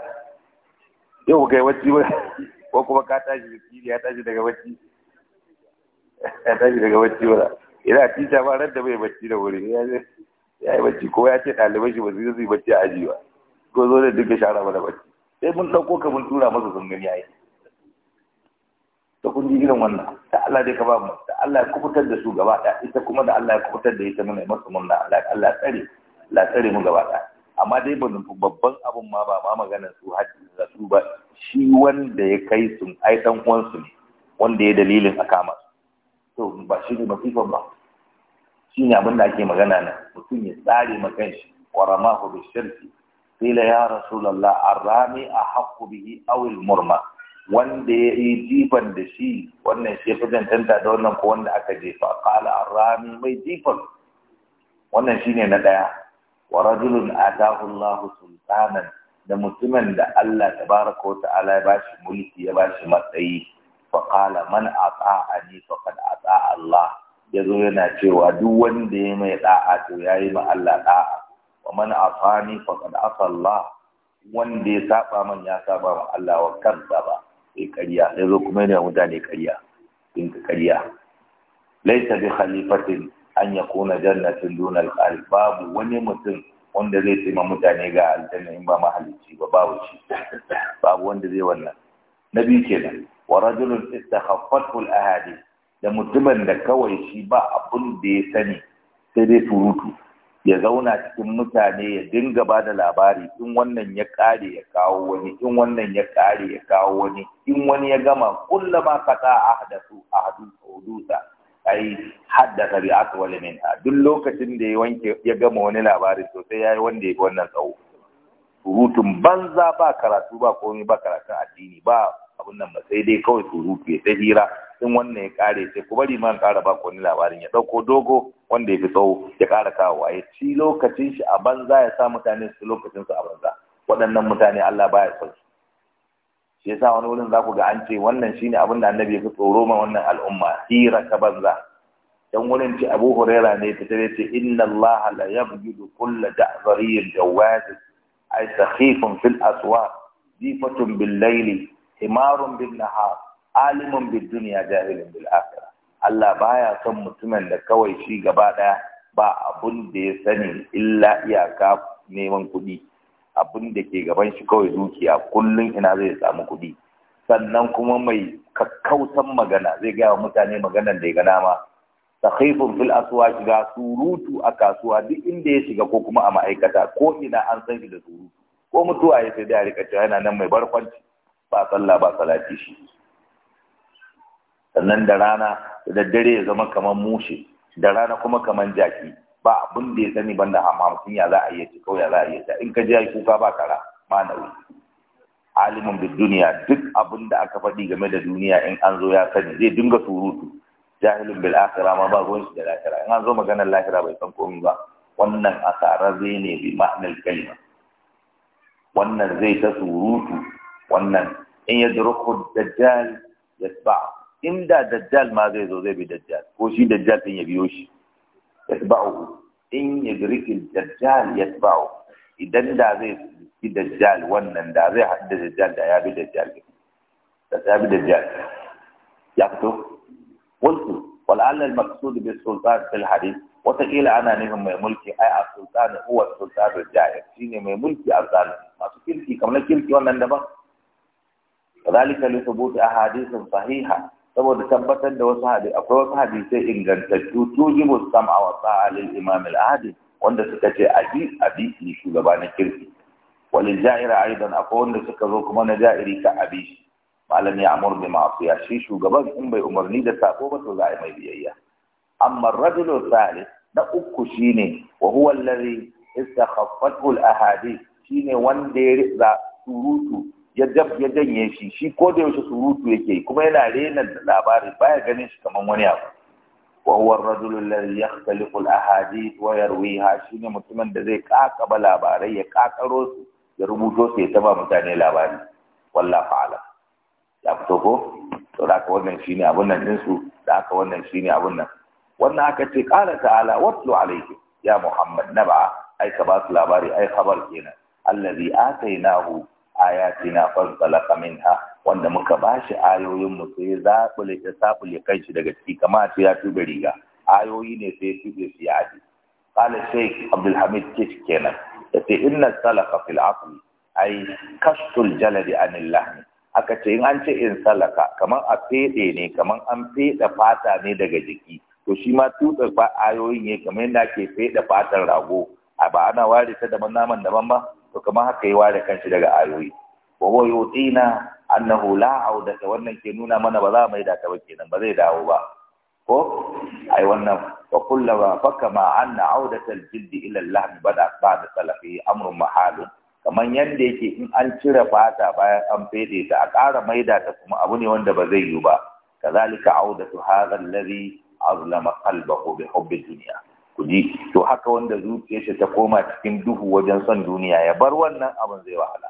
yau kai wacce ba ko kuma ka tashi da miskini ya tashi daga bacci ya tashi daga bacci wala ina tisha ba ran da bai bacci da wuri ya yi bacci ko ya ce ɗalibai shi ba su yi bacci a aji ba ko zo da duka shara mana bacci sai mun ɗauko ka mun tura masa sun gani ai ta kun ji irin wannan ta Allah dai ka ba mu ta Allah ya kubutar da su gaba ɗaya ita kuma da Allah ya kubutar da ita muna masu munna Allah Allah tsare Allah tsare mu gaba ɗaya amma dai babban abin ma ba ma maganar su da su ba shi wanda ya kai su ai dan uwansu ne wanda ya dalilin a kama to ba shi ne masifan ba shi ne abin da ake magana na. mutum ya tsare ma kanshi warama Sila bi shirki qila ya rami arrami haku bihi Awil murma wanda ya yi jifan da shi wannan shi fi tantanta da wannan ko wanda aka jefa a rami mai jifan wannan shi ne na ɗaya. wa rajulun atahu Allahu sultanan da mutumin da Allah tabaraka wa ta'ala ya bashi mulki ya bashi matsayi fa qala man ata'ani faqad ata'a Allah yazo yana cewa duk wanda ya mai da'a to yayi ma Allah da'a wa man afani faqad afa Allah wanda ya saba man ya saba ma Allah wa kansa ba sai ƙarya yazo kuma yana mutane ƙarya din ƙarya laysa bi khalifatin an ya kona jannatin dunar ƙari babu wani mutum wanda zai taima mutane ga aljanna in ba mahalicci ba babu shi babu wanda zai wannan na biyu kenan wa rajulun istakhaffatul ahadi da mutumin da kawai shi ba abun da ya sani sai dai surutu ya zauna cikin mutane ya dinga ba da labari in wannan ya kare ya kawo wani in wannan ya kare ya kawo wani in wani ya gama kullama fata ahdathu ahdu hudusa ai haddasa bi aswal minha duk lokacin da ya wanke ya gama wani labari to sai yayi wanda ya wannan tsawo surutun banza ba karatu ba komai ba karatun addini ba abun nan ba sai dai kawai surutu ya ta hira in wannan ya kare sai ku bari man kara ba wani labarin ya dauko dogo wanda ya tsawo ya kara kawowa ya ci lokacin shi a banza ya sa mutane su lokacin su a banza waɗannan mutane Allah baya son shi yasa wani wurin za ku ga an ce wannan shine abin da annabi ya fi tsoro ma wannan al'umma hira ta banza dan wurin ce Abu Huraira ne ta tare ce inna Allah la yabghidu kull da'zariyil jawaz ay sakhifun fil aswaq difatun bil layli himarun bin nahar alimun bid dunya jahilun bil akhirah Allah baya son mutumin da kawai shi gaba daya ba abun da ya sani illa iyaka neman kuɗi abin da ke gaban shi kawai dukiya kullum ina zai samu kuɗi sannan kuma mai kakkautan magana zai gaya wa mutane maganan da ya gana ma sakhifun fil asuwa shiga surutu a kasuwa duk inda ya shiga ko kuma a ma'aikata ko ina an san shi da surutu ko mutuwa ya sai da rika yana nan mai barkwanci ba sallah ba salati shi sannan da rana da daddare ya zama kamar mushe da rana kuma kamar jaki ba abin da ya sani banda hamam sun ya za a iya ci ya za a iya in ka ji ya kuka ba kara ma'anawi alimin bi duniya duk abin da aka faɗi game da duniya in an zo ya sani zai dinga surutu jahilin bil akhirah ma ba ruwan shi da lahira in an zo maganar lahira bai san komai ba wannan zai ne bi ma'anar kalma wannan zai ta surutu wannan in ya zurku dajjal ya ba inda dajjal ma zai zo zai bi dajjal ko shi dajjal din ya biyo shi yatba'u in yadrikil dajjal yatba'u idan da zai bi dajjal wannan da zai haɗu da dajjal da ya bi dajjal da ya bi dajjal ya fito wasu wal'alla al-maqsud bi sultan fil hadith wataƙila ana neman mai mulki ai a sultan huwa sultan dajjal shine mai mulki a zalimi masu kirki kamar kirki wannan daban kadhalika li thubut ahadith sahiha saboda tabbatar da wasu hadisi akwai wasu hadisai ingantattu tujibu sam'a wa ta'a lil imam al ahadi wanda suka ce abi abi ni shugaba na kirki walil ja'ira aidan akwai wanda suka zo kuma na ja'iri ka abi malam ya amur bi ma'siya shi shugaban in bai umarni da sako ba to za a yi mai biyayya amma rajulu salih na uku shine wa huwa alladhi istakhaffathu al ahadi shine wanda ya riza surutu ya janye shi shi ko da yaushe surutu yake kuma yana rena labarin baya ganin shi kamar wani abu wa huwa ar-rajul alladhi yakhtaliqu al-ahadith wa yarwiha shine mutumin da zai kakaba labarai ya kakaro su ya rubuto su ya taba mutane labari wallahi fa'ala ya fito ko to da aka wannan shine abun nan din su da aka wannan shine abun nan wannan aka ce qala ta'ala watlu alayhi ya muhammad naba ai ka ba su labari ai khabar kenan alladhi atainahu ayatina fansalaka minha wanda muka bashi ayoyin mu sai zabule ya kai kanshi daga ciki kamar sai ya tuba riga ayoyi ne sai tube su ya qala shaykh abdul hamid kish kenan yace inna salaka fil aqli ay kashful jaladi anil lahm aka ce in an ce in salaka kamar a fede ne kamar an fede fata ne daga jiki to shi ma ba ayoyin ne kamar yadda ake fede fatan rago a ba ana ware ta daban naman daban ba to kamar haka yi ware kanshi daga ayoyi wa huwa yutina annahu la audata wannan ke nuna mana ba za mai da ta ba kenan ba zai dawo ba ko ai wannan wa fakka ma anna audata al ilan ila al ba bada ba'da salafi amrun mahalun kamar yadda yake in an cire fata bayan an fede ta a ƙara maida ta kuma abu ne wanda ba zai yi ba kazalika audatu hadha alladhi azlama qalbahu bi hubbi dunya kuji to haka wanda zuciyarsa ta koma cikin duhu wajen son duniya ya bar wannan abin zai wahala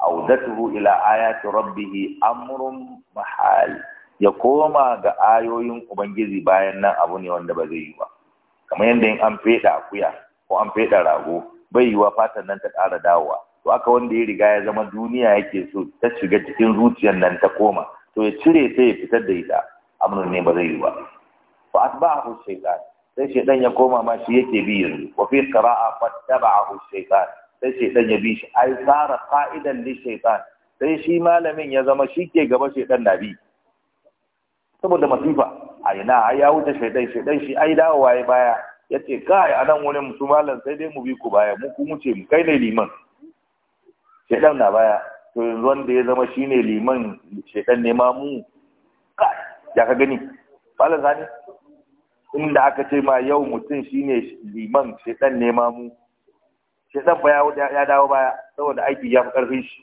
audatuhu ila ayati rabbih amrun mahal ya koma ga ayoyin ubangiji bayan nan abu ne wanda ba zai yi ba kamar yadda in an feda akuya ko an feda rago bai yi wa fatan nan ta ƙara dawowa to aka wanda ya riga ya zama duniya yake so ta shiga cikin zuciyar nan ta koma to ya cire sai ya fitar da ita amrun ne ba zai yi ba fa asba'ahu shaytan sai shaidan ya koma ma shi yake bi yanzu wa fi qira'a fattaba'ahu shaytan sai shaidan ya bi shi ai sara fa'idan li shaytan sai shi malamin ya zama shi ke gaba shaidan na bi saboda masifa a ina ai ya wuce shaidan shaidan shi ai dawo ya baya yace kai anan nan wurin mutum malam sai dai mu bi ku baya mu ku muce mu kai ne liman shaidan na baya to yanzu wanda ya zama shine liman shaidan ne ma mu ya ka gani malam zani inda aka ce ma yau mutum shine liman shedan ne ma mu shedan ba ya dawo baya saboda aiki ya fi karfi shi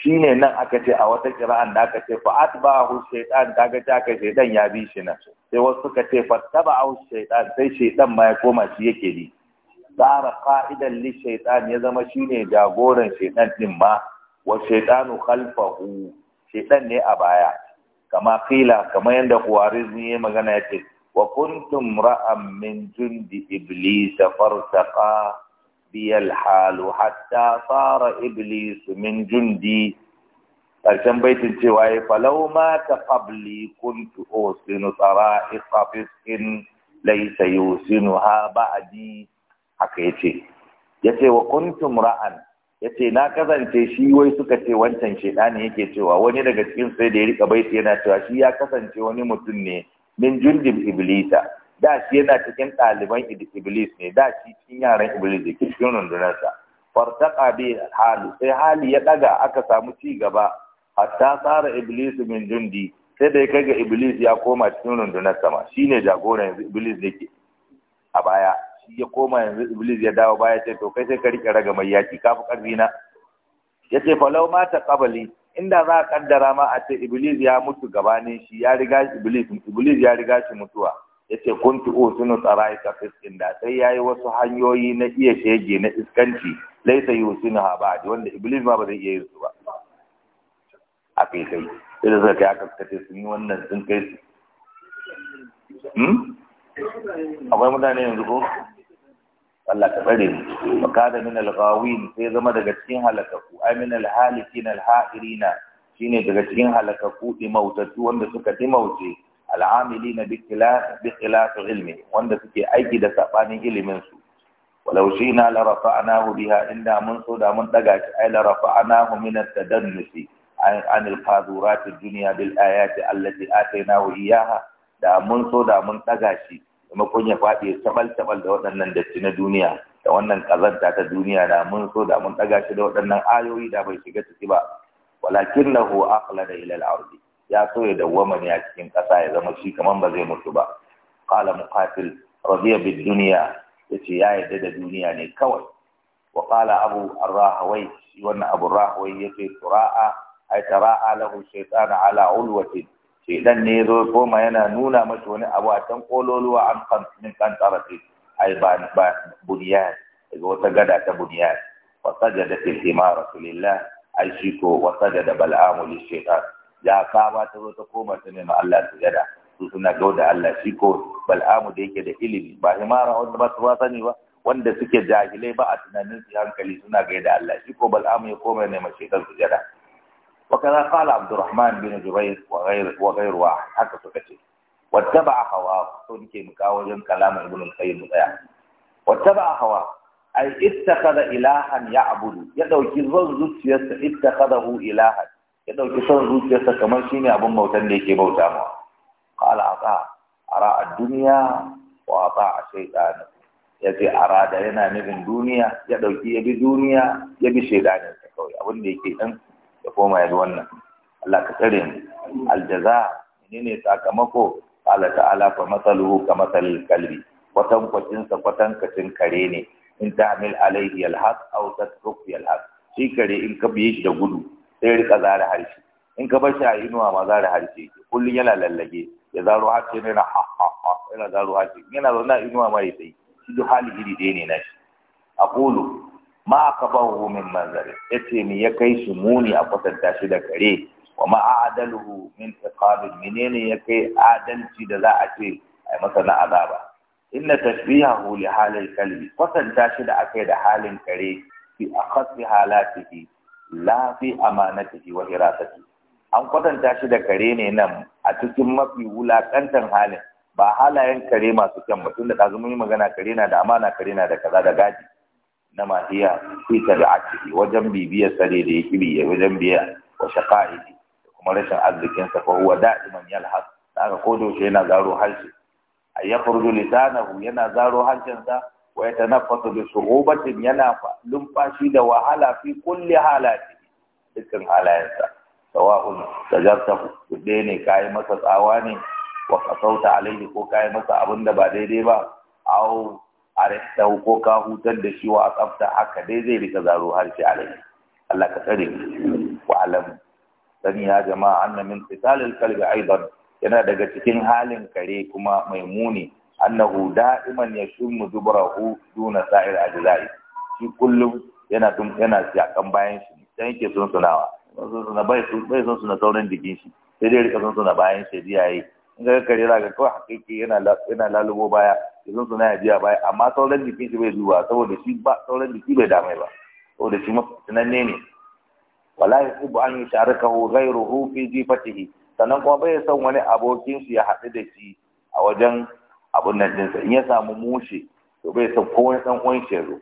shine nan aka ce a wata kira'an da aka ce fa atba'ahu shaytan kaga ta kai shaytan ya bi shi nan sai wasu suka ce fa taba'ahu shaytan sai shaytan ma ya koma shi yake di. tsara qa'idan li shaytan ya zama shine jagoran shaytan din ma wa shaytanu khalfahu shaytan ne a baya kama kila kama yanda Khwarizmi ya magana yace wa kuntum ra'am min jundi iblis fartaqa bi al-halu hatta fara iblis min jundi Ƙarshen baitin cewa ya falau ma ta qabli kuntu usinu sara'iqa fiskin laysa yusinu ha ba'di haka yace yace wa kuntum ra'an ya ce na kasance shi wai suka ce wancan shaidani yake cewa wani daga cikin sai da ya rika baiti yana cewa shi ya kasance wani mutum ne min jundin iblisa da shi yana cikin ɗaliban iblis ne da shi cikin yaran iblis da cikin rundunarsa fartaka bi hali sai hali ya ɗaga aka samu ci gaba hatta tsara iblis min jundi sai da ya kai ga iblis ya koma cikin rundunar sama shine jagoran iblis yake a baya ya koma yanzu iblis ya dawo baya ce to kai sai ka rike raga mai yaki ka fi karfi na yace falau ma ta qabli inda za a kaddara ma a ce iblis ya mutu gabanin shi ya riga iblis iblis ya riga shi mutuwa yace kuntu usunu tsaraika fiskin da sai yayi wasu hanyoyi na iya shege na iskanci laisa yusinu ha ba'di wanda iblis ma ba zai iya yin su ba a kai kai sai da kai aka kace sun yi wannan sun kai su hmm? akwai mutane yanzu ko Allah ka tsare mu wa kada min al sai zama daga cikin halakaku ai min al-halikin al-ha'irina shine daga cikin halakaku ɗimautatu wanda suka mauce al na bi khilaf ilmi wanda suke aiki da sabanin ilimin su walau shina la rafa'nahu biha inda mun so da mun daga shi larafa, la rafa'nahu min at-tadannusi an al-qadurat ad-dunya bil ayati allati atainahu iyaha da mun so da mun daga shi maimakon ya faɗi taɓal tabal da waɗannan datti na duniya da wannan ƙazanta ta duniya da mun so da mun ɗaga shi da waɗannan ayoyi da bai shiga ciki ba walakin lahu akhlada da ilal ardi ya so ya dawwama ne a cikin ƙasa ya zama shi kamar ba zai mutu ba qala muqatil radiya bid duniya yace ya yarda da duniya ne kawai wa qala abu arrahawai shi wannan abu Rahawai, ya yace tura'a ay tara'a lahu shaytanu ala ulwatin shedan ne zo koma yana nuna masa wani abu a can kololuwa an kan tsara kan ai ba buniya daga wata gada ta bunyan wa sajada fil imara rasulillah ai shi ko wa da bal'amu li shaytan ya ka ba ta zo ta koma ta ne ma Allah gada su suna gauda Allah shi ko bal'amu da yake da ilimi ba himara wanda ba su ba sani ba wanda suke jahilai ba a tunanin su hankali suna gaida Allah shi ko bal'amu ya koma ne ma su gada وكذا قال عبد الرحمن بن جبير وغير وغير واحد حتى سكتي واتبع هواه سنكي مكاوجا كلام ابن القيم واتبع هواه ai ittakhadha ilahan ya'budu ya dauki zon zuciyarsa ittakhadahu ilahan ya dauki son zuciyarsa kamar shine abun bautan da yake bauta ma qala ata ara ad-dunya arada yana nufin duniya ya ɗauki ya bi duniya ya bi shaytanin kawai abin da yake ɗan. Ka koma yadda wannan Allah ka tsare mu aljaza menene sakamako Allah ta'ala fa masaluhu ka masalil kalbi kwatan kwacin sa kwatan kacin kare ne in amil alaihi alhaq aw tatruk alhaq shi kare in ka biye shi da gudu sai rika zara harshe in ka bar shi a inuwa ma zara harshe kullun yana lallage ya zaro harshe ne na ha ha ha yana zaro harshe yana a inuwa ma ya sai shi duk hali iri dai ne na shi aqulu ma aka ba min manzari ya ce ni ya kai su muni a kwatanta shi da kare wa ma'adaluhu min iqabin menene ya kai adalci da za a ce yi masa na azaba inna tashbihahu li halin kalbi kwatanta shi da akai da halin kare fi akhasi halatihi la fi amanatihi wa hirasatihi an kwatanta shi da kare ne nan a cikin mafi wulakantan halin ba halayen kare masu kyan mutum da ɗazu mun yi magana kare na da amana kare na da kaza da gaji? na hiya fi ciki, wajen bibiyar sare da ya kiri ya wajen biya wa da kuma rashin arzikin sa daɗi huwa da'iman yalhas aka ko da yana zaro harshe A ay yakhruju lisanahu yana zaro harshen sa wa yatanaffasu bi suhubatin yana lumfashi da wahala fi kulli halati dukkan halayensa sawa'un tajartahu kudde ne kai masa tsawa ne wa kasauta alaihi ko kai masa abin da ba daidai ba au a rasta ko ka hutar da shi wa tsafta haka dai zai rika zaro harshe a rai Allah ka tsare wa alam sani ya jama'a Annan min qitalil kalbi aidan yana daga cikin halin kare kuma mai muni annahu da'iman yashummu dubrahu duna sa'ir ajzai shi kullum yana dum yana siyakan bayan shi dan yake son sunawa son suna bai bai son suna sauran jikin shi sai dai rika son suna bayan shi jiyaye in ga kare zaka kawai hakiki yana yana lalubo baya ke zo suna yaji a baya amma sauran jikin shi bai duba saboda shi ba sauran jiki bai damai ba saboda shi mafitinanne ne wala ya tsubu an yi zai ghairuhu fi jifatihi sannan kuma bai son wani abokin shi ya haɗu da shi a wajen abun nan ɗinsa in ya samu mushe to bai son ko wani ɗan uwan shi ya zo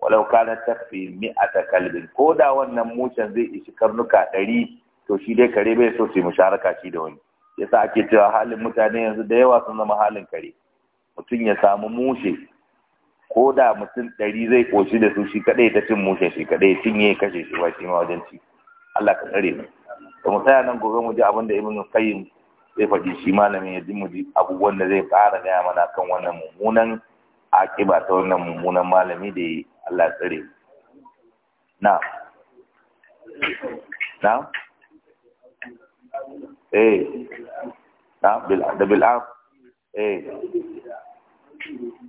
walau kana tafi mi'ata kalbin ko da wannan mushen zai ishi karnuka ɗari to shi dai kare bai so su yi musharaka shi da wani yasa ake cewa halin mutane yanzu da yawa sun zama halin kare mutum ya samu mushe ko da mutum ɗari zai ƙoshi da su shi kaɗai ta cin mushe shi kaɗai cinye ya kashe shi ba shi ma wajen ci Allah ka tsare mu da mu tsaya nan gobe mu ji abin da ibn qayyim zai faɗi shi malamin ya ji mu ji abubuwan da zai fara gaya mana kan wannan mummunan akiba ta wannan mummunan malami da ya Allah ya tsare mu na na eh na da bil'af eh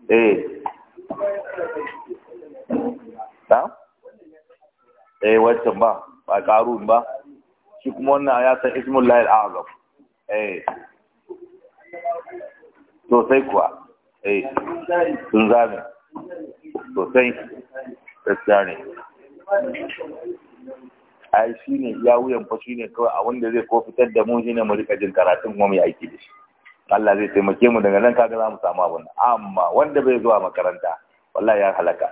eh ta eh wancan ba ba karun ba shi kuma wannan ya san ismul lahil azam eh sosai kuwa eh sun zame sosai gaskiya ne ai shi ne ya wuyan fa shi ne kawai a wanda zai ko fitar da mu shi ne mu rika jin karatun kuma mu yi aiki da shi Allah zai taimake mu daga nan kaga za mu samu abin amma wanda bai zuwa makaranta wallahi ya halaka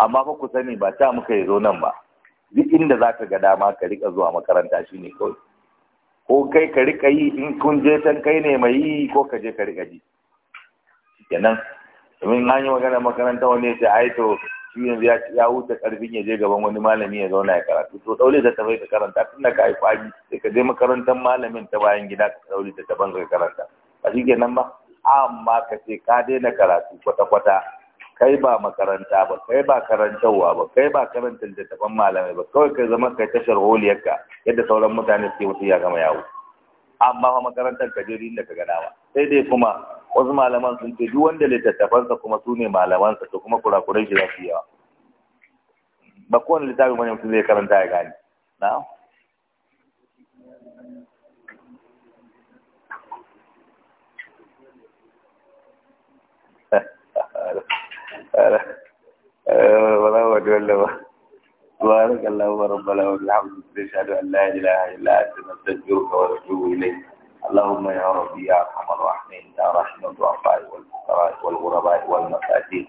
amma fa ku sani ba ta muka yi zo nan ba duk inda zaka ga dama ka rika zuwa makaranta shine kawai ko kai ka rika yi in kun je tan kai ne mai yi ko ka je ka rika ji kenan domin an yi magana makaranta wani ya ai to shi yanzu ya wuce karfin ya je gaban wani malami ya zauna ya karatu to daure da ta bai ka karanta tun da ka yi sai ka je makarantar malamin ta bayan gida ka daure da ta taban ka karanta a shi kenan ba amma ka ce ka daina karatu kwata-kwata kai ba makaranta ba kai ba karantarwa ba kai ba karanta littattafan malamai ba kawai kai zama kai tashar holiyarka yadda sauran mutane suke mutum ya gama yawo amma ba makarantar ka je da ka ga dawa. sai dai kuma wasu malaman sun ce duk wanda littattafansa kuma su ne malamansa to kuma kurakurai shi za su yawa ba kowane littafi wani mutum zai karanta ya gane na'am آه، آه، ولا ود ولا بارك الله وربنا والحمد نشهد أن لا إله إلا أنت نستغفرك ونتوب إليك اللهم يا ربي يا أرحم الراحمين يا رحم الضعفاء والفقراء والغرباء والمساكين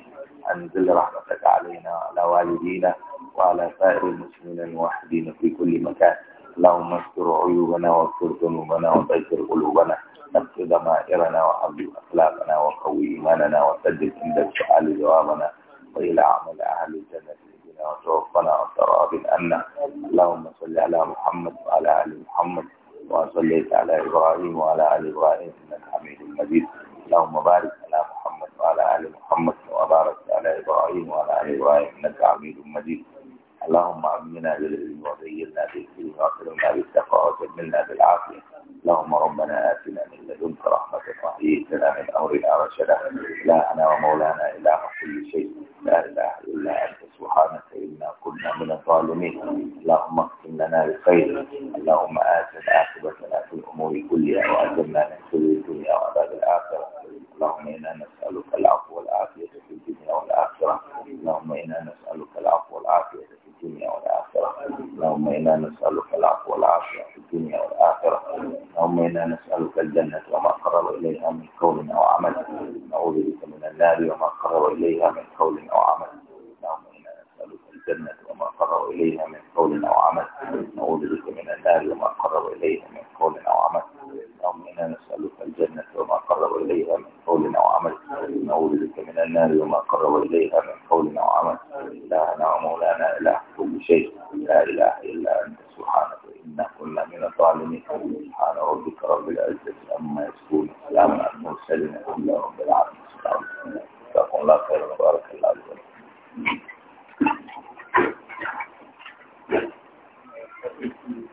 أنزل رحمتك علينا وعلى والدينا وعلى سائر المسلمين الموحدين في كل مكان اللهم استر عيوبنا واستر ذنوبنا وتيسر قلوبنا نقي ضمائرنا وحفظ اخلاقنا وقوي ايماننا وسدد عند السؤال جوابنا والى عمل اهل الجنه بنا وتوفنا وتراب عنا اللهم صل على محمد وعلى ال محمد وصليت على ابراهيم وعلى ال ابراهيم انك حميد مجيد اللهم بارك على محمد وعلى ال محمد وبارك على ابراهيم وعلى ال ابراهيم انك حميد مجيد اللهم امننا بالعلم وزينا بالدين واكرمنا بالتقوى وجملنا بالعافيه اللهم ربنا اتنا من لدنك رحمه وهيئ لنا من امرنا رشدا لا انا ومولانا اله كل شيء لا اله الا انت سبحانك انا كنا من الظالمين اللهم اقسم لنا بالخير اللهم اتنا عاقبتنا في الامور كلها واجرنا من كل الدنيا وعذاب الاخره اللهم انا نسالك العفو والعافيه في الدنيا والاخره اللهم انا نسالك اللهم إنا نسألك العفو والعافية في الدنيا والآخرة اللهم إنا نسألك الجنة وما قرر إليها من قول أو عمل نعوذ بك من النار وما قرر إليها من قول أو عمل اللهم إنا نسألك الجنة وما قرر إليها من قول أو عمل نعوذ بك من النار وما قرر إليها من قول أو عمل اللهم إنا نسألك الجنة وما قرر إليها من قول أو عمل نعوذ بك من النار وما قرر إليها من قول أو عمل لا نعم ولا إله كل شيء لا إله إلا أنت سبحانك إنا كنا من الظالمين سبحان ربك رب العزة أما يسكون سلام على المرسلين الحمد لله رب العالمين سبحان الله الله خير وبارك الله فيكم Thank you.